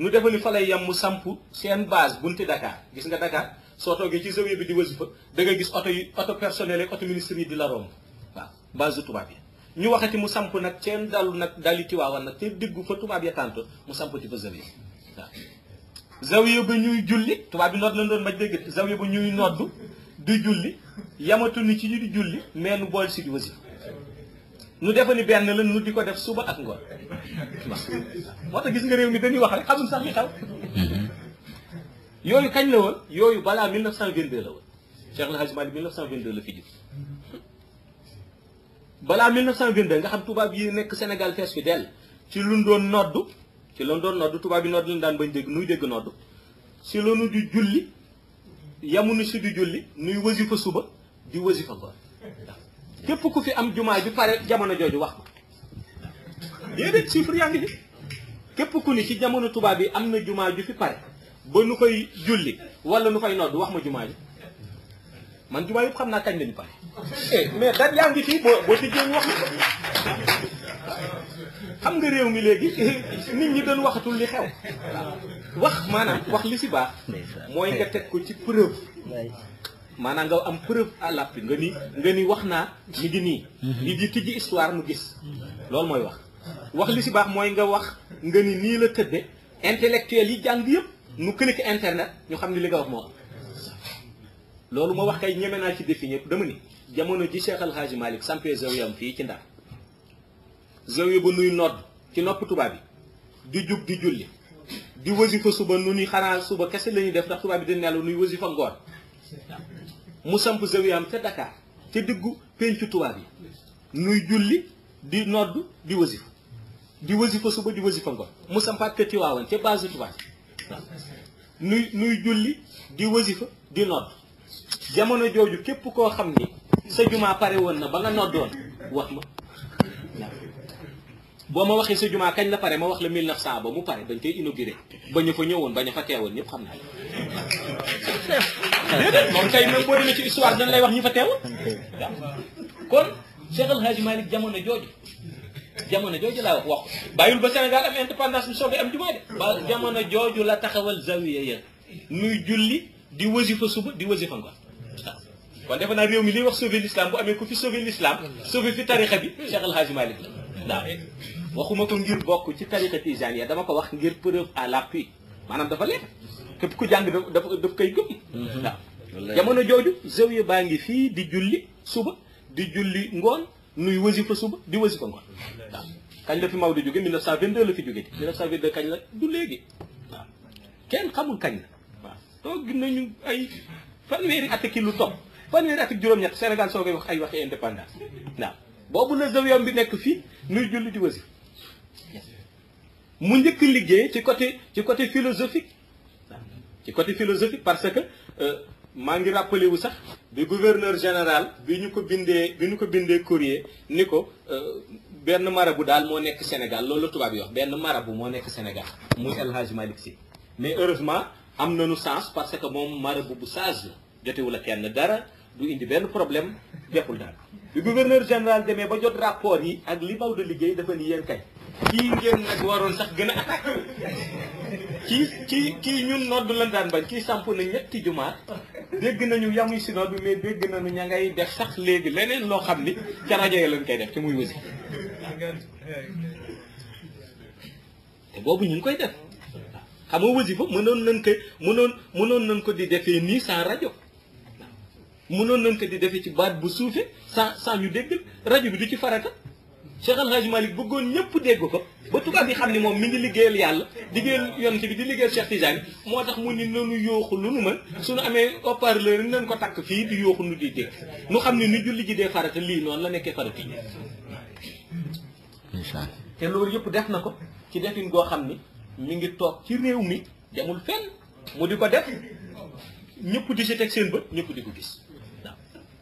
ñu defa ni fa lay yem mu samp seen base bunti Dakar gis nga Dakar soo toogee ci zawiya bi di wasifa da nga gis oto yi oto personnel ak oto ministre yi di la romb waaw base tubaab yi ñu waxati mu samp nag seen dal nag dali tiwaawan nag te diggu fa tubaab ya tànt mu samp ci fa zawiya waaw zawiya ba ñuy julli tubaab bi noot lañ doon maj du julli yamatul ni ci ñu julli mais bool si di wasi nu defa benn la nu di ko def suba ak ngoon moo tax gis nga réew mi dañuy wax rek xamul sax li xaw mhm. yooyu kañ la woon yooyu balaa 1922 la woon Cheikh El Hadj Malick 1922 la fi jub balaa 1922 nga xam tubaab yi nekk Sénégal fees fi dell ci lu doon noddu ci lu doon noddu tubaab yi noddu lañu daan bañ dégg nuy dégg noddu si loonu di julli yamuñu si di julli nuy wasifa suba di wasifa ngoon képp ku fi am jumaa ju pare jamono jooju wax ma déedéet chiffre yaa ngi fi képp ku ni ci jamono tubaab bi am na jumaa ju fi pare ba nu koy julli wala nu koy nodd wax ma jumaa ju man jumaa yëpp xam naa tañ lañu pare eh, mais date yaa ngi fi boo boo tijjee ñu wax ma xam nga réew mi léegi nit ñi doon waxatul li xew wax maanaam wax li si baax mooy nga teg ko ci preuve maanaam nga am preuve à bi nga ni nga ni wax naa mi ngi nii mhm. nit yi tijji histoire mu gis loolu mooy wax wax li si baax mooy nga wax nga ni nii la tëdde intellectuel yi jàng yëpp nu clique internet ñu xam ni li nga wax moo loolu ma wax kay ñeme naa ci défi ñëpp dama ni jamono ji Cheikh Al Hadji Malick sampé fii ci Ndar zawiya ba nuy nodd ci nopp tubaab yi di jug di julli suba nu suba kese la def ndax tubaab yi di nuy wasifa ngoon mu samp zawiyaam diggu pencu tubaab nuy julli di nodd di wasifa di wasifa suba di wasifa ngoon mu sampaat ka Tiwaawan julli di wasifa di jooju képp koo xam ni sa jumaa pare woon na ba nga noddoon wax ma boo ma waxee sa jumaa kañ la pare ma wax la 1900 ba mu pare bañ koy inauguré ba ñu fa ñëwoon ba ñu fa teewoon ñëpp xam naa leen moom tey même boo wax ñu fa teewoon kon Cheikh El Hadj Malick jamono jooju jamono jooju laa wax wax bàyyul ba Sénégal am indépendance bu soobee am jumaa de ba jamono jooju la taxawal zawiya ya muy julli di wasifa suba di wasifa ngoon kon defe naa réew mi liy wax sauver l'islam bu amee ku fi sauver l'islam sauver fi tarixa bi Cheikh El Hadj Malick la waxuma ko ngir bokk ci tariqa tijaniya dama ko wax ngir preuve à la l'appui maanaam dafa leer képp ku jàng daf daf koy gëm mhm. waaw jamono jooju zawiya baa ngi fii di julli suba di julli ngoon nuy wasifa suba di wasifa ngoon waaw kañ la fi Maodo jóge 1922 la fi jóge 1922 kañ la du léegi waaw kenn xamul kañ la waaw toog nañu ay fanweeri at ki lu topp fanweeri at ak juróom-ñett Sénégal soo koy wax ay waxi indépendance waaw boobu la zawiyam bi nekk fii nuy julli di wasifa mu njëkk liggéey ci côté ci côté philosophique ci côté philosophique parce que euh, maa ngi rappelé wu sax bi gouverneur général bi ñu ko bindee bi ñu ko bindee courrier ni ko euh, benn bu daal moo nekk Sénégal loolu la tubaab yi wax benn marabu moo nekk Sénégal muy El Hadj Malick Sy mais heureusement am na nu sens parce que moom marabu bu sage la jotewul a kenn dara du indi benn problème jàppul daal bi gouverneur général demee ba jot rapport yi ak li Maodo liggéey dafa ni yéen kay kii ngeen nag waroon sax gën a attaqué kii kii kii ñun nodd lan daan bañ kii samp na ñetti jumaat dégg nañu yamuy si nodd mais dégg nañu ña ngay def sax léegi leneen loo xam ni ca rajo yi lañ koy def te muy wasi te boobu ñu koy def xam nga wasifa mënoon nañ ko mënoon mënoon nañ ko di defee nii sans rajo mënoon nañ ko di defee ci baat bu suufee sans sans ñu dégg rajo bi du ci farata Cheikh Al Hadj Malick bëggoon ñëpp dégg ko ba tubaab yi xam ni moom mu ngi liggéeyal yàlla liggéeyal yonent bi di liggéeyal Cheikh Tidiane moo tax mu ni nanu yooxu lu nu mën suñu amee haut-parleur nañ ko takk fii di yooxu nu di dégg nu xam ne nu julli ji dee farata lii noonu la nekkee farata yi incha te loolu yëpp def na ko ci defin goo xam ni mi ngi toog ci réew mi demul fenn mu di ko def ñëpp di si teg seen bët ñëpp di ko gis waaw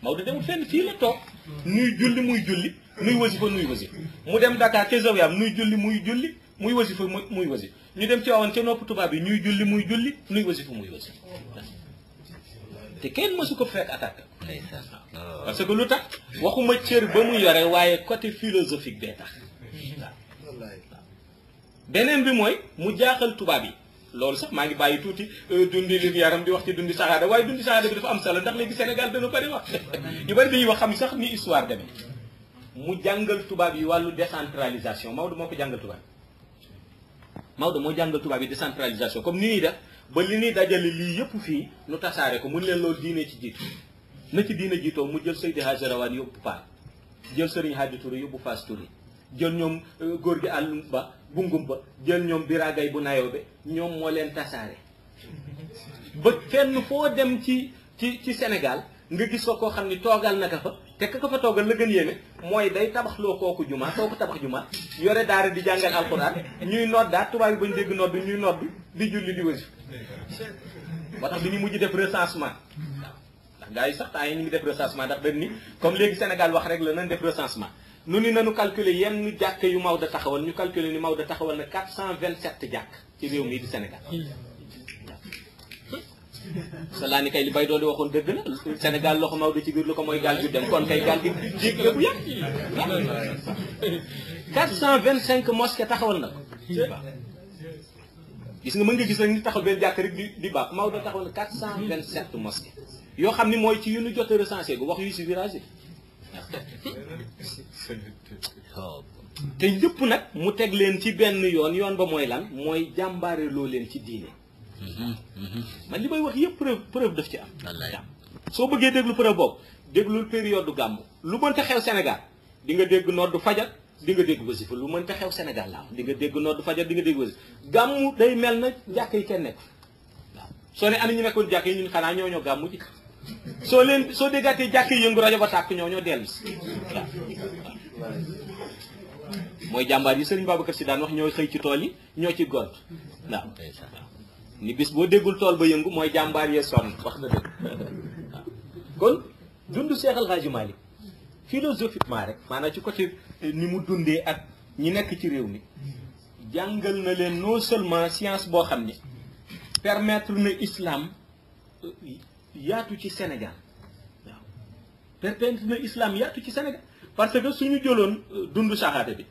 Maodo demul fenn fii la toog nuy julli muy nuy wasifa nuy wasifa mu dem Dakar ca Zawiyam nuy julli muy julli muy wasifa muy wasifa ñu dem ci waawoon ca nopp tubaab yi ñuy julli muy julli nuy wasifa muy wasifa te kenn mësu ko fekk attaque parce que lu tax waxuma cër ba mu yore waaye côté philosophique bee tax beneen bi mooy mu jaaxal tubaab yi loolu sax maa ngi bàyyi tuuti euh, dundi li yaram di wax ci dundi saxaada waaye dundi saxaada bi dafa am solo ndax léegi Sénégal dana bëri wax yu bëri dañuy wax xam sax ni histoire demee mu jàngal tubaab yi wàllu decentralisation Maodo moo ko jàngal tubaab Maodo moo jàngal tubaab yi décentralisation comme ni ñuy def ba li ñuy dajale lii yëpp fii nu tasaare ko mu leen loo diine ci jiitu na ci diine jiitoo mu jël Seydi Hadji Rawaan yóbbu Paal jël Sëriñ Hadji Touré yóbbu Fass Touré jël ñoom euh, góor gi àllum ba bungum ba jël ñoom biraagay bu nayoo be ñoom moo leen tasaare ba fenn foo dem ci ci ci Sénégal nga gis fa koo xam ni toogal naka fa te ka fa toogal la gën yéene mooy day tabaxloo kooku juma kooku tabax juma yore daara di jàngal alxuraan ñuy nodd daal ah, tubaab yi bañ dégg nodd ñuy nodd di julli di wësi moo tax bi ñu mujj def recensement ndax gars yi sax temps yi ñu ngi def recensement ndax dañ ni comme léegi Sénégal wax rek la nañ def recensement nu ni nanu calculer yenn jàkk yu Maodo taxawal ñu calculer ni Maodo taxawal na 427 jàkk ci réew mii di Sénégal sa ni kay li bay doon di waxoon dëgg la Sénégal loxo Maodo ci biir lu ko mooy gaal ju dem kon kay gaal gi jéeg yëpp yëpp quatre cent vingt cinq mosquée taxawal na ko gis nga mën nga gis nag ni taxaw benn jàkk rek di di baax Maodo quatre cent vingt sept mosquée yoo xam ni mooy ci yu nu jot a recensé gu wax yu si virage yi te ñëpp nag mu teg leen ci benn yoon yoon ba mooy lan mooy jàmbaare loo leen ci diine Mm-hmm. man li may wax yëpp preuve preuve daf ci am. soo bëggee déglu preuve boobu déglul période du gàmm lu mënta xew senegal di nga dégg noor du fajar di nga dégg wasifa lu mënta xew Sénégal laa di nga dégg noor du fajar di nga dégg wasifa gàmm day mel na jàkk yi kenn soo ne ana ñu nekkoon jàkk yi ñun xanaa ñoo ñoo gàmmu ji soo leen soo déggaatee jàkk yi yëngu rajo ba tàkk ñoo ñoo dellu si waaw mooy jàmbaar yi sëriñ Babacar Si daan wax ñooy xëy ci tool yi ñoo ci gont waaw ni bis boo déggul tool ba yëngu mooy jàmbaar yee sonn wax na dëgg kon dund Cheikh El Hadj Malick rek maanaam ci côté eh, ni mu dundee ak ñi nekk ci réew mi jàngal na leen non seulement science boo xam ni permettre na islam eh, yaatu ci senegal waaw permettre na islam yaatu ci Sénégal parce que suñu jëloon eh, dund saxaada bi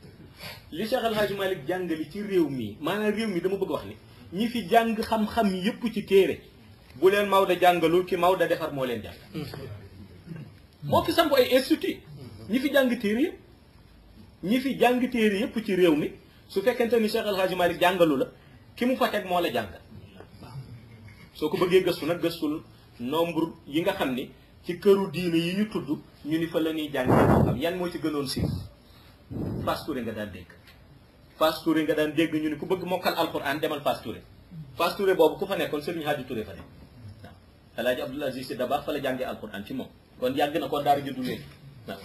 li Cheikh El Hadj Malick jàngali ci réew mi maanaam réew mi dama bëgg wax ni ñi fi jàng xam-xam yépp ci téere bu leen Maodo jàngalul ki Maodo defar moo leen jàng moo fi samp ay institut ñi fi jàng téere yëpp ñi fi jàng téere yëpp ci réew mi su fekkente ni Cheikh El Hadj Malick jàngalu la ki mu fa teg moo la jàngal soo ko bëggee gëstu nag gëstul nombre yi nga xam ni ci këru diinu yi ñu tudd ñu ni fa la ñuy jàng xam yan moo ci gënoon siiw fas nga daal dégg Fass Touré nga daan dégg ñu ne ku bëgg mokkal alquran demal Fass Touré Fass Touré boobu ku fa nekkoon Serigne Hadi Touré fa nekk waaw El Hadj Abdoul la jàngee alquran ci moom kon yàgg na kon daara juddu léegi la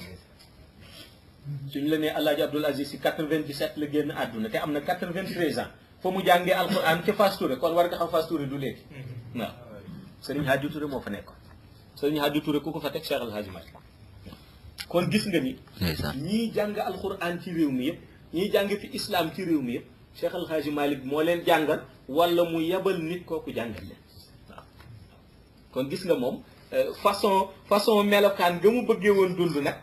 nee El Hadj Abdoul Aziz Sy 97 la génn àdduna te am na 93 ans fa mu jàngee alquran ca Fass Touré kon war nga xam Fass Touré du léegi mm-hmm. waaw moo fa nekkoon Serigne Hadi Touré ku ko fa teg Cheikh El Hadj kon gis nga ni. ñii jàng alquran ci réew mi yëpp. ñiy jàng fi islaam ci réew mi yëpp Cheikh Al Hadj moo leen jàngal wala mu yabal nit kooku jàngal leen kon gis nga moom euh, façon façon melokaan nga mu bëggee woon dund nag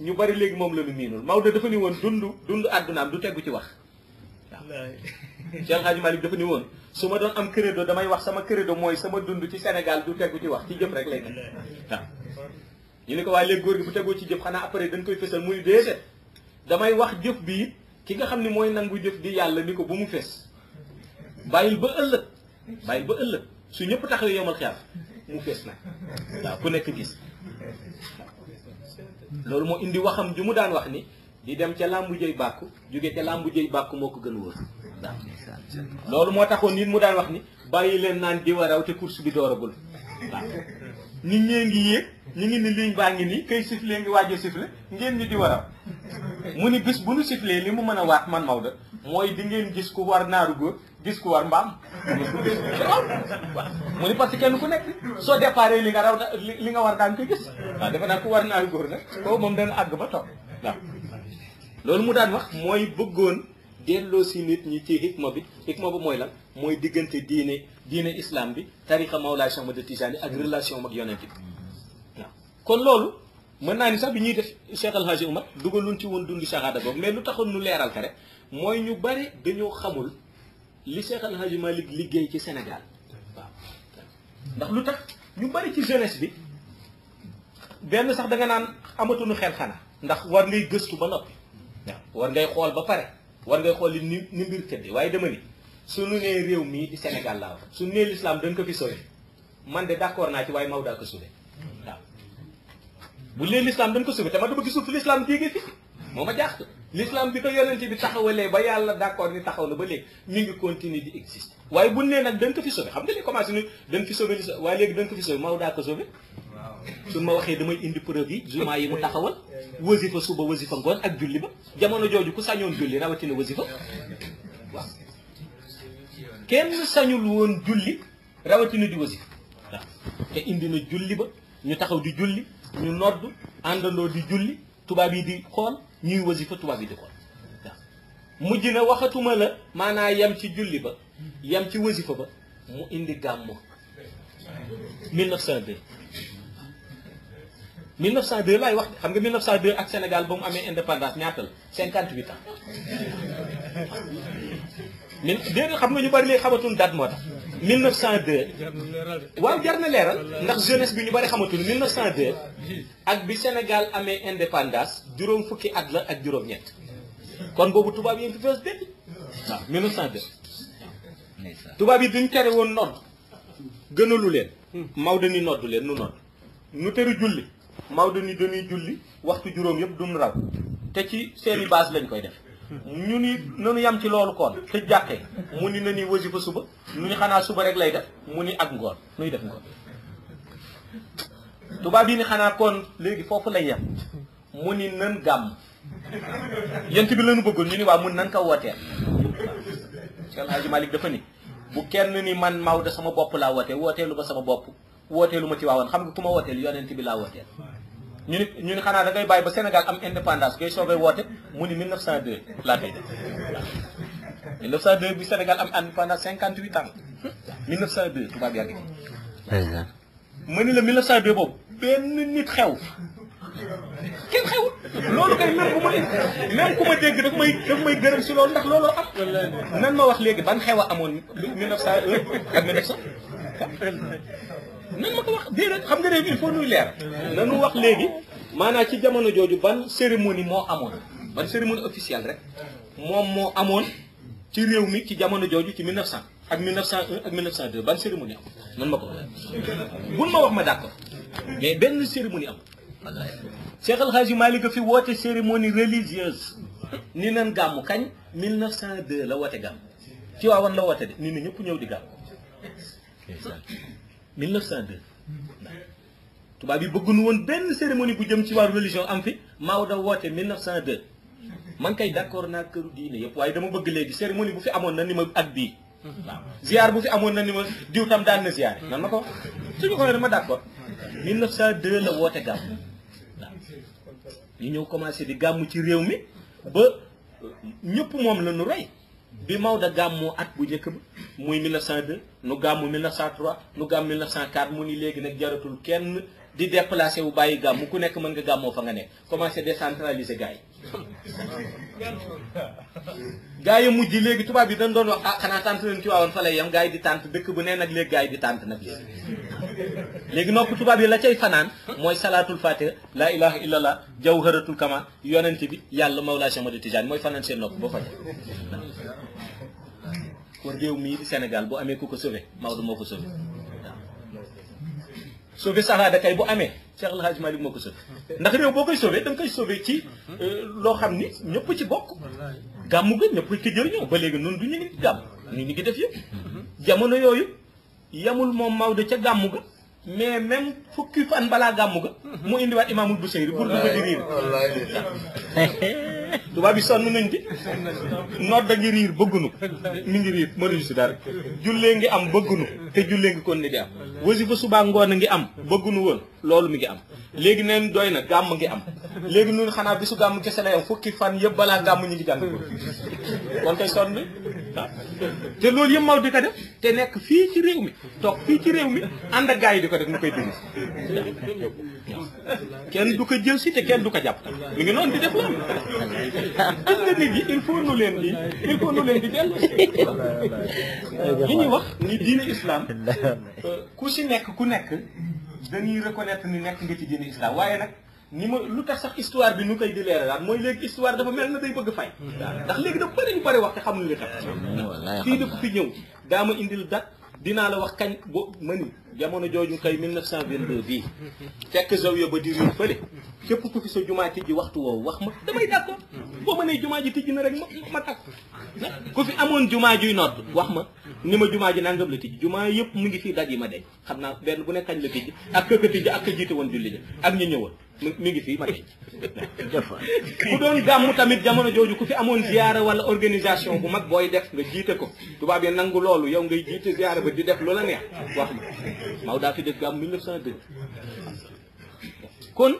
ñu bari léegi moom la ñu miinul Maodo dafa ni woon dund dund àddunaam du tegu ci wax waaw Cheikh Al Hadj dafa ni woon su ma doon am credo damay wax sama credo mooy sama dund ci Sénégal du tegu ci wax ci jëm rek lay teg ñu ni ko waaye léegi góor gi bu tegoo ci jëf xanaa après dañ koy fësal muy damay wax jëf bi it ki nga xam ni mooy nangu jëf di yàlla ni ko bu mu fees bàyyil ba ëllëg bàyyil ba ëllëg su ñëpp taxawee yomal xiyaam mu fees nag waaw ku nekk gis loolu moo indi waxam ju mu daan wax ni di dem ca làmbu jëy bàkku jóge ca làmbu jëy bàkku moo ko gën wóor loolu moo taxoon nit mu daan wax ni bàyyi leen naan di waraw te course bi dooragul waaw nit ñee gi yéeg ñu ngi ni ligne baa ngi nii kay sifle ngi waaj a sifle ngeen ni di war a mu ni bis bu nu siflee li mu mën a waat man Maodo mooy di ngeen gis ku war naaru góor gis ku war mbaam mu ni parce que kenn ku nekk soo déparé li nga raw li nga war daan ko gis waaw defe naa ku war naaru góor nag koo moom dana àgg ba toog waaw loolu mu daan wax mooy bëggoon delloo si nit ñi ci xikma bi xikma ba mooy lan mooy diggante diine diine islam bi tarixa Mawlaay ma Ahmad Tijaani ak relation ak yonent bi kon loolu mën naa ni sax bi ñuy def Cheikh El dugaluñ ci woon dundi shahada boobu mais lu taxoon nu leeral ka mooy ñu bari dañoo xamul li Cheikh El Hadji Malick liggéey ci senegal waaw ndax lu tax ñu bari ci jeunesse bi benn sax danga naan amatuñu xel xanaa ndax war ngay gëstu ba noppi waaw war ngay xool ba pare war ngay xool ni ni mbir tëdde waaye dama su suñu nee réew mii di Sénégal laa su suñu nee lislaam dañ ko fi man de d' accord naa ci waaye Maodo daa ko sauvé lee lislaam dañ ko sauvé te ma dama gisul fi lislaam jéegee fi moo ma jaaxle l'islam bi ko yonente bi taxawalee ba yàlla d' accord ni taxaw na ba léegi mi ngi continuer di existe waaye bu nee nag dañ ko fi xam nga li commencé ni dañ fi sauvé li waaye léegi dañ ko fi sauvé daa ko sauvé suñ ma waxee damay indi preuve yi jumaa yi mu taxawal wasifa suba wasifa ngoon ak julli ba jamono jooju ku sañoon julli rawatina wasifa waaw kenn sañul woon julli rawatina di wasifa waaw te indi na julli ba ñu taxaw di julli ñu nodd àndandoo di julli tubaab yi di xool ñuy wasifa tubaab yi di xool mujj na waxatuma la maanaa yem ci julli ba yem ci wasifa ba mu indi gàmmu 1902 laay wax xam nga 1902 ak Sénégal ba mu amee indépendance ñaata la 58 ans mille déedéet xam nga ñu bari léegi xamatuñ date moo tax. 1902 waaw jar na leeral ndax jeunesse bi ñu bari xamatul 1902 ak bi Sénégal amee indépendance juróom fukki at la ak juróom-ñett kon boobu tubaab yi ngi fi fees dégg waaw 1902. tubaab yi duñ tere woon nodd gënalu leen. Maodo ni noddu leen nu nodd nu teru julli. Maodo ni dañuy julli waxtu juróom yëpp duñ raw te ci seeni base lañ koy def ñu ni nanu yam ci loolu koon tëj jàkkee mu ni na ni wasifa suba nu ni xanaa suba rek lay def mu ni ak ngoon nuy def ngoon tubaab yi ni xanaa koon léegi foofu lay yem mu ni nan gàmm yent bi lañu bëggoon ñu ni waaw mun nan ko wooteel Cheikh El Hadji dafa ni bu kenn ni man Maodo sama bopp laa woote wooteelu ba sama bopp wooteelu ma ci waawoon xam nga ku ma wooteel yonent bi laa wooteel ñu ni ñu ni xanaa da ngay bàyyi ba Sénégal am indépendance ngay soogay woote mu ni 1902 laa koy def 1902 bi Sénégal am indépendance 58 ans 1902 tubaab yàgg ci ma ni la 1902 boobu benn nit xew kenn xewut loolu kay même ku ma dégg daf may daf may gërëm si loolu ndax looloo am nan ma wax léegi ban xew a amoon 1901 ak 1900 nan ma ko wax déedéet xam nga réew il faut nuy leer nanu wax léegi maanaa ci jamono jooju ban cérémonie moo amoon ban cérémonie officielle rek moom moo amoon ci réew mi ci jamono jooju ci 1900 ak 1901 ak 1902 ban cérémonie am nan ma ko wax bun ma wax ma d'accord mais benn cérémonie am Cheikh El Hadji Malick fi woote cérémonie religieuse ni nan gàmmu kañ 1902 la woote gàmm ci waawan la woote de ni na ñëpp ñëw di gàmm 1902 tubaab yi bëgguñu woon benn cérémonie bu jëm ci wàllu religion am fi Maodo woote 1902 man kay d'accord naa këru diine yëpp waaye dama bëgg léegi cérémonie bu fi amoon na ni ma ak bii waaw ziar bu fi amoon na ni ma diw tam daan na ziar nan ma ko suñu ko ma d'accord 1902 la woote gàmm waaw ñu ñëw commencé di gàmmu ci réew mi ba ñëpp moom la nu roy bi Maodo gàmmoo at bu njëkk ba muy 1902 nu gàmmu 1903 nu gàmm 1904 mu ni léegi nag jaratul kenn di déplacé wu bàyyi gàmm ku nekk mën nga gàmmoo fa nga nekk commencé décentraliser gars yi gars yi mujj léegi tubaab yi dañ doon wax ah xanaa tànt leen ci waawoon fa lay yem gars di tànt dëkk bu ne nag léegi gars yi di tànt nag léegi léegi nopp tubaab yi la cay fanaan mooy salaatul fatiha laa ilaha illallah jawharatul kama yonente bi yàlla mawlaa Cheikh Ahmadou Tidiane mooy fanaan see nopp ba fa kon réew mii di Sénégal boo amee ku ko sauvé Maodo moo ko sauvé sauver saxaada kay bu amee Cheikh El Hadj Malick moo ko sauvé ndax réew boo koy sauvé da nga koy sauvé ci euh, loo xam ni ñëpp ci bokk gàmmu gi ñëpp ci jëriñoo ba léegi noonu du ñu ngi gàmm ñu ngi def yëpp jamono yooyu yamul moom Maodo ca gàmmu ga mais même fukki fan balaa gàmmu ga mu indiwaat imaamul Buseyri pour du ko di riir tubaab yi sonn nañ di nodd a ngi riir bëggunu mu ngi riir mënuñu si dara jullee ngi am bëggunu te jullee ngi kon ni di am wasifa subaa ngoon a ngi am bëggunu woon loolu mi ngi am léegi neen doy na gàmm ngi am léegi nun xanaa bisu gàmm kese lay am fukki fan yëpp balaa gàmm ñu ngi jàng kon koy sonn te loolu yëpp Maodo di ko def te nekk fii ci réew mi toog fii ci réew mi ànd ak gars yi di ko def nu koy dindi kenn du ko jël si te kenn du ko jàpp tam mi ngi noonu di def loolu gis nga nit yi il faut nu leen di il faut nu leen di dellu li ñuy wax ni diine islam ku si nekk ku nekk dañuy reconnaître ni nekk nga ci diine islam waaye nag ni ma lu tax sax histoire bi nu koy di leeralaat mooy léegi histoire dafa mel na day bëgg fay ndax léegi dafa bëri ñu bëri wax te xam nu li xew fii dafa fi ñëw daa ma indil dat dinaa la wax kañ boobu ma ni jamono jooju kay 1922 bii fekk zawiya ba di réer fële képp ku fi sa jumaa tijji waxtu woowu wax ma damay d'accord boo ma nee jumaa ji tijji na rek ma ma takk ku fi amoon jumaa juy nodd wax ma ni ma jumaa ji nangam la tijji jumaa yëpp mu ngi fii daj yi ma denc xam naa benn bu ne kañ la tijji ak ka tijji ak ka jiite woon julli ña ak ñu ñëwoon mu ngi fi ma denc ku doon gàmm tamit jamono jooju ku fi amoon ziyaara wala organisation bu mag booy def nga jiite ko tubaab yi nangu loolu yow ngay jiite ziyaara di def loola neex wax ma Maodo daa fi def gàmm 1902 kon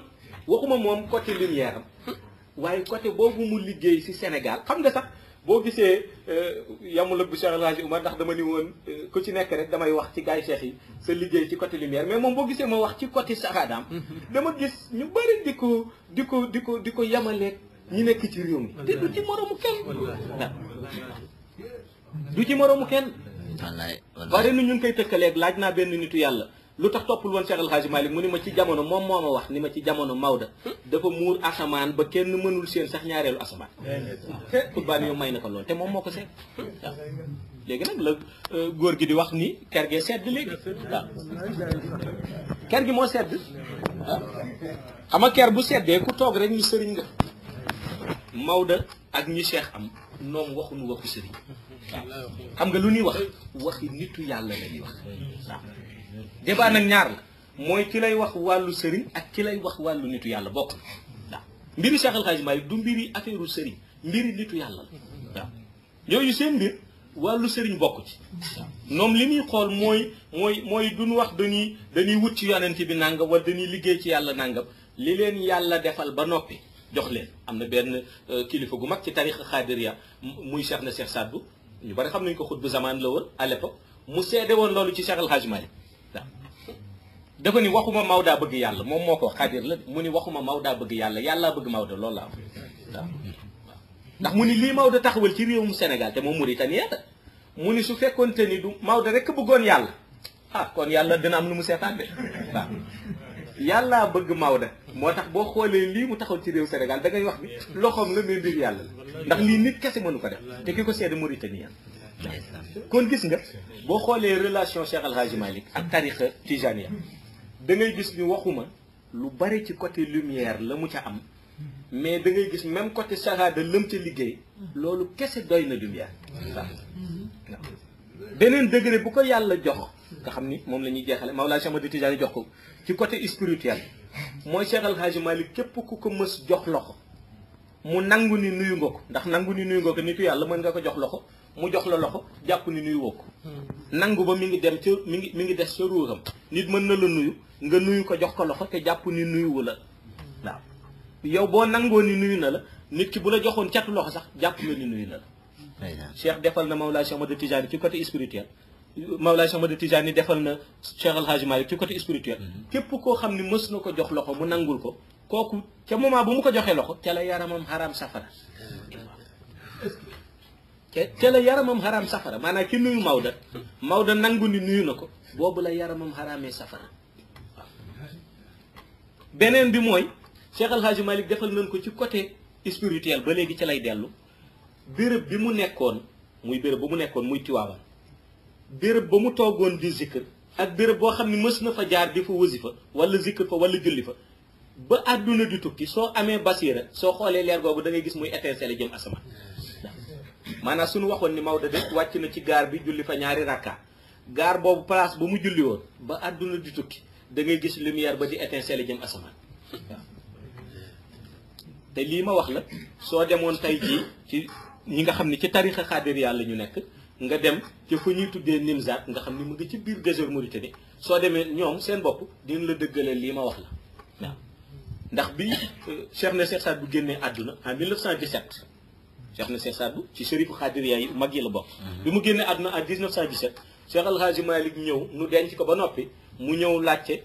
waxuma moom côté lumière am waaye côté boobu mu liggéey si Sénégal xam nga sax boo gisee euh, yamula bu Cheikh El Hadji Oumar ndax dama ni woon euh, ku ci nekk rek damay wax ci gaay cheikh yi sa liggéey ci côté lumière mais moom boo gisee ma wax ci côté saxaadaam dama gis ñu bëri di ko di ko di ko di ko yamaleeg ñu nekk ci réew mi te du ci moroomu kenn du ci moroomu kenn wallaay wallaay waaye ren ñu ngi koy tëkkaleeg laaj naa benn nitu yàlla lu tax toppul woon Cheikh El Hadj Malick mu ni ma ci jamono moom moo ma wax ni ma ci jamono Maodo dafa muur asamaan ba kenn mënul seen sax ñaareelu asamaan. xutbaan may na ko lool te moom moo ko seet euh, góor gi di wax ni ker sedd léegi gi moo sedd ah. ker bu seddee ku toog rek ñu sëriñ ak ñi Cheikh am noom waxuñu waxu sëriñ xam nga lu ñuy wax waxi nitu yàlla la ñuy wax waaw ñaar la mooy ki lay wax wàllu sëriñ ak ki lay wax wàllu nitu yàlla bokk la waaw mbiri Cheikh El Hadj Malick du mbiri affaire sëriñ mbiri nitu yàlla la waaw yooyu seen mbir wàllu sëriñ bokk ci ñoom li muy xool mooy mooy mooy nu wax dañuy dañuy wut ci yonent bi nàngam wal dañuy liggéey ci yàlla nàngam li leen yàlla defal ba noppi jox leen am na benn euh, kilifa gu mag ci tarix xaadiriya muy Cheikh na Cheikh Sadbu ñu bari xam nañ ko xutbu zamaan la woon à mu seede woon loolu ci Cheikh El Hadj Malick dafa ni waxuma Maodo bëgg yàlla moom moo ko xadir la mu ni waxuma Maodo bëgg yàlla yàllaa bëgg Maodo loolu laa waaw mu ni lii Maodo taxawal ci réewum Sénégal te moom Mauritanie la mu ni su fekkoonte ni du Maodo rek bëggoon yàlla ah kon yàlla dina am lu mu seetaan de waaw yàllaa bëgg Maodo moo tax boo xoolee lii mu taxaw ci réew Sénégal da ngay wax bi loxoom la mais mbir yàlla la ndax lii nit kese mënu ko def te ki ko seede Mauritanie kon gis nga boo xoolee relation Cheikh Al Hadj Malick ak tarixa Tijaniya da ngay gis ni waxuma lu bari ci côté lumière la mu ca am mais da ngay gis même côté shahada lëm ca liggéey loolu kese doy na lumière waaw beneen degré bu ko yàlla jox nga xam ni moom la ñuy jeexale Mawlana Cheikh Ahmad Tijani jox ko ci côté spirituel mooy Cheikh Al Hadj Malick képp ku ko mës jox loxo mu nangu ni nuyu nga ko ndax nangu ni nuyu nga ko nitu yàlla mën nga ko jox loxo mu jox la loxo jàpp ni nuyu woo nangu ba mi ngi dem ca mi ngi mi ngi des ca ruuram nit mën na la nuyu nga nuyu ko jox ko loxo te jàpp ni nuyu nuyuwu la waaw yow boo nangoo ni nuyu na la nit ki bu la joxoon catu loxo sax jàpp nga ni nuyu na la Cheikh defal na Mawlaa Cheikh Ahmad Tijaani ci côté spirituel Mawlaay Cheikh Ahmad Tijaani defal na Cheikh El Hadj ci côté spirituel. Mhm. képp koo xam ni mës na ko jox loxo mu nangul ko kooku ca moment bu mu ko joxee loxo ca la yaramam xaraam safara. ca la yaramam xaram safara maanaam ki nuyu Maodo Maodo nangu ni nuyu na ko boobu la yaramam xaraamee safara beneen bi mooy Cheikh El Hadj defal nañ ko ci côté spirituel ba léegi ca lay dellu béréb bi mu nekkoon muy béréb ba mu nekkoon muy Tiwaawan. béréb ba mu toogoon di zikr ak béréb boo xam ne mës na fa jaar di fa wasifa wala zikr fa wala julli fa ba àdduna di tukki soo amee basiira soo xoolee leer googu da ngay gis muy étincelle jëm asamaan maanaam suñu waxoon ni Maodo de wàcc na ci gaar bi julli fa ñaari rakka gaar boobu place ba mu julli woon ba àdduna di tukki da ngay gis lumière ba di a jëm asamaan waaw te lii ma wax la soo demoon tey jii ci ñi nga xam ne ci tarixa xaadir ñu nekk nga dem ci fu ñuy tuddee Nimzaat nga xam ni mu ngi ci biir désert Mauritanie soo demee ñoom seen bopp dinañ la dëggalee lii ma wax la waaw ndax bi euh, Cheikh na Cheikh Saad bu génnee àdduna en 1917 Cheikh na Cheikh Saad bu ci sërifu xaadiriya yi mag yi la bokk. Mhm. bi mu génnee àdduna en 1917 Cheikh Al Hadji Malick ñëw nu denc ko ba noppi mu ñëw laajte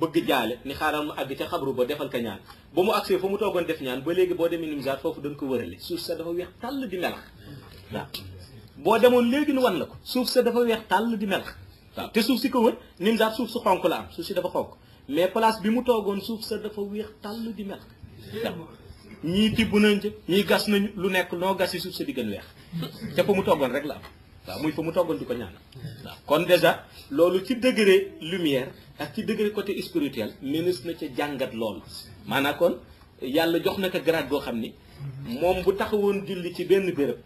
bëgg jaale ni xaaral mu àgg ca xabru ba defal ko ñaan ba mu àggsee fa mu toogoon def ñaan ba léegi boo demee Nimzaat foofu dañ ko wërale suuf sa dafa weex tàll di melax waaw. boo demoon léegi nu wan la ko suuf sa dafa weex tàll di melax waaw te suuf si ko wër Nimzaat suuf su xonk la am suuf si dafa xonk mais place bi mu toogoon suuf sa dafa weex tàll di melax ñii tibb nañ ci ñii gas nañu lu nekk noo gas si suuf sa di gën weex te fa mu toogoon rek la am waaw muy fa mu toggoon di ko ñaan waaw kon déjà loolu ci degré lumière ak ci degré côté spirituel mënees na ca jàngat loolu maanaam kon yàlla jox na ko grade boo xam ni moom bu taxawoon julli ci benn béréb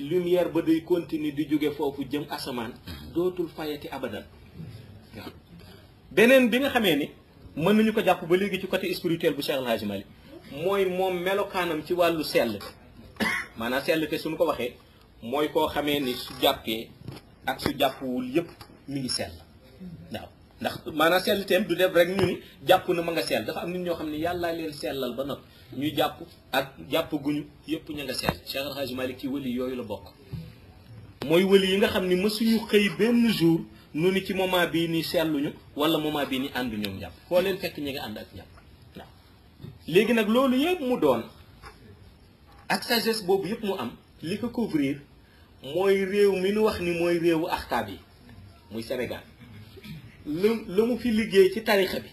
lumière ba day continuer di jóge foofu jëm asamaan dootul fayati abadan waaw beneen bi nga xamee ni mën nañu ko jàpp ba léegi ci côté spirituel bu Cheikh El Hadj mooy moom melokaanam ci wàllu sell maanaa sell te suñu ko waxee mooy koo xamee ni su jàppee ak su jàppwul yëpp mu ngi sell waaw ndax maanaam sell teem du def rek ñu ni jàpp na ma nga sell dafa am nit ñoo xam ne yàllaa leen sellal ba noppi ñu jàpp ak jàpp guñu yëpp ña nga seen Cheikh Al Hadj Malick ci wëli yooyu la bokk mooy wëli yi nga xam ni mësuñu xëy benn jour nu ni ci moment bii ni seetluñu wala moment bii ni ànd ñoom jàpp foo leen fekk ñi nga ànd ak jàpp waaw léegi nag loolu yëpp mu doon ak sagesse boobu yëpp mu am li ko couvrir mooy réew mi nu wax ni mooy réewu axtaab yi muy Sénégal lu lu mu fi liggéey ci tarixa bi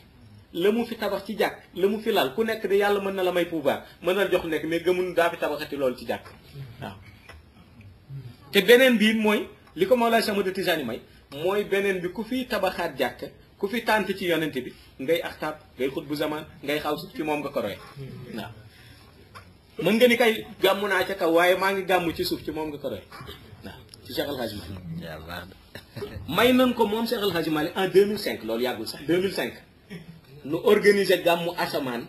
la mu fi tabax ci jàkk la mu fi lal ku nekk de yàlla mën na la may pouvoir mën na jox nekk mais gëmun daa fi tabaxati loolu ci jàkk waaw te beneen bi mooy li ko Mawlaay Cheikh Ahmad Tijaani may mooy beneen bi ku fi tabaxaat jàkk ku fi tànt ci yonent bi ngay axtaab ngay xut bu zaman ngay xaw ci moom nga ko roye waaw mën nga ni kay gàmm naa ca kaw waaye maa ngi gàmm ci suuf ci moom nga ko roye waaw ci Cheikh Alhaji Malick may nan ko moom Cheikh Alhaji Malick en loolu yàggul sax nu organiser gàmmu asamaan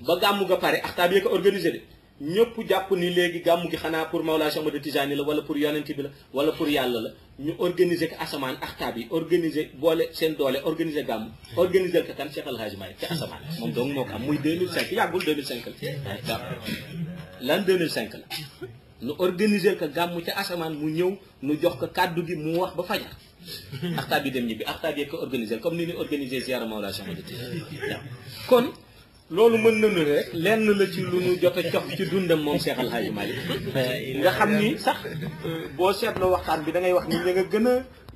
ba gàmmu ga pare axtaab yee ko organiser de ñëpp jàpp ni léegi gàmmu gi xanaa pour Mawlaa Cheikh Ahmad Tijaani la wala pour yonent bi la wala pour yàlla la ñu organiser ko asamaan axtaab yi organiser boole seen doole organiser gàmmu organiser ko kan Cheikh Al Hadj Malick ca asamaan moom donc moo ko am muy 2005 yàggul 2005 la lan 2005 la nu organiser ko gàmmu ca asamaan mu ñëw nu jox ko kàddu gi mu wax ba fajar axtaab bi dem ñibbi axtaab yi ko organisé comme ni ñu organisé ziara Mawlaa Cheikh Ahmad Tijaan kon loolu mën nañu rek lenn la ci lu ñu jot a cox ci dundam moom Cheikh El Hadj Malick nga xam ni sax boo seetloo waxtaan bi da ngay wax ni ña nga gën a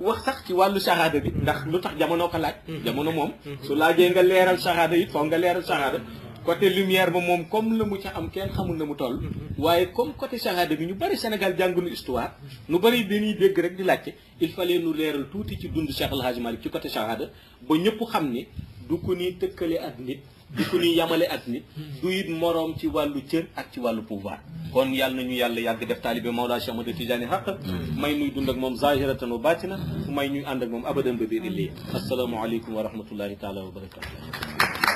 wax sax ci wàllu shahada bi ndax lu tax jamono ko laaj jamono moom su laajee nga leeral shahada yi foog nga leeral shahada côté lumière ba moom comme la mu ca am kenn xamul na mu toll waaye comme côté shahada bi ñu bari Sénégal jànguñu histoire nu bari bi dañuy bégg rek di laajte il fallait nu leeral tuuti ci dund Cheikh El Hadj Malick ci côté shahada ba ñëpp xam ni du ko ni tëkkale ak nit du ko ni yamale at nit du it moroom ci wàllu cër ak ci wàllu pouvoir kon yàlla nañu yàlla yàgg def taalibe Mawlaa Cheikh Ahmad Tijaani xaq may nuy dund ak moom zahiratan wa baatina may ñuy ànd ak moom abadan ba biir illee asalaamaaleykum wa rahmatullahi taala wa barakatu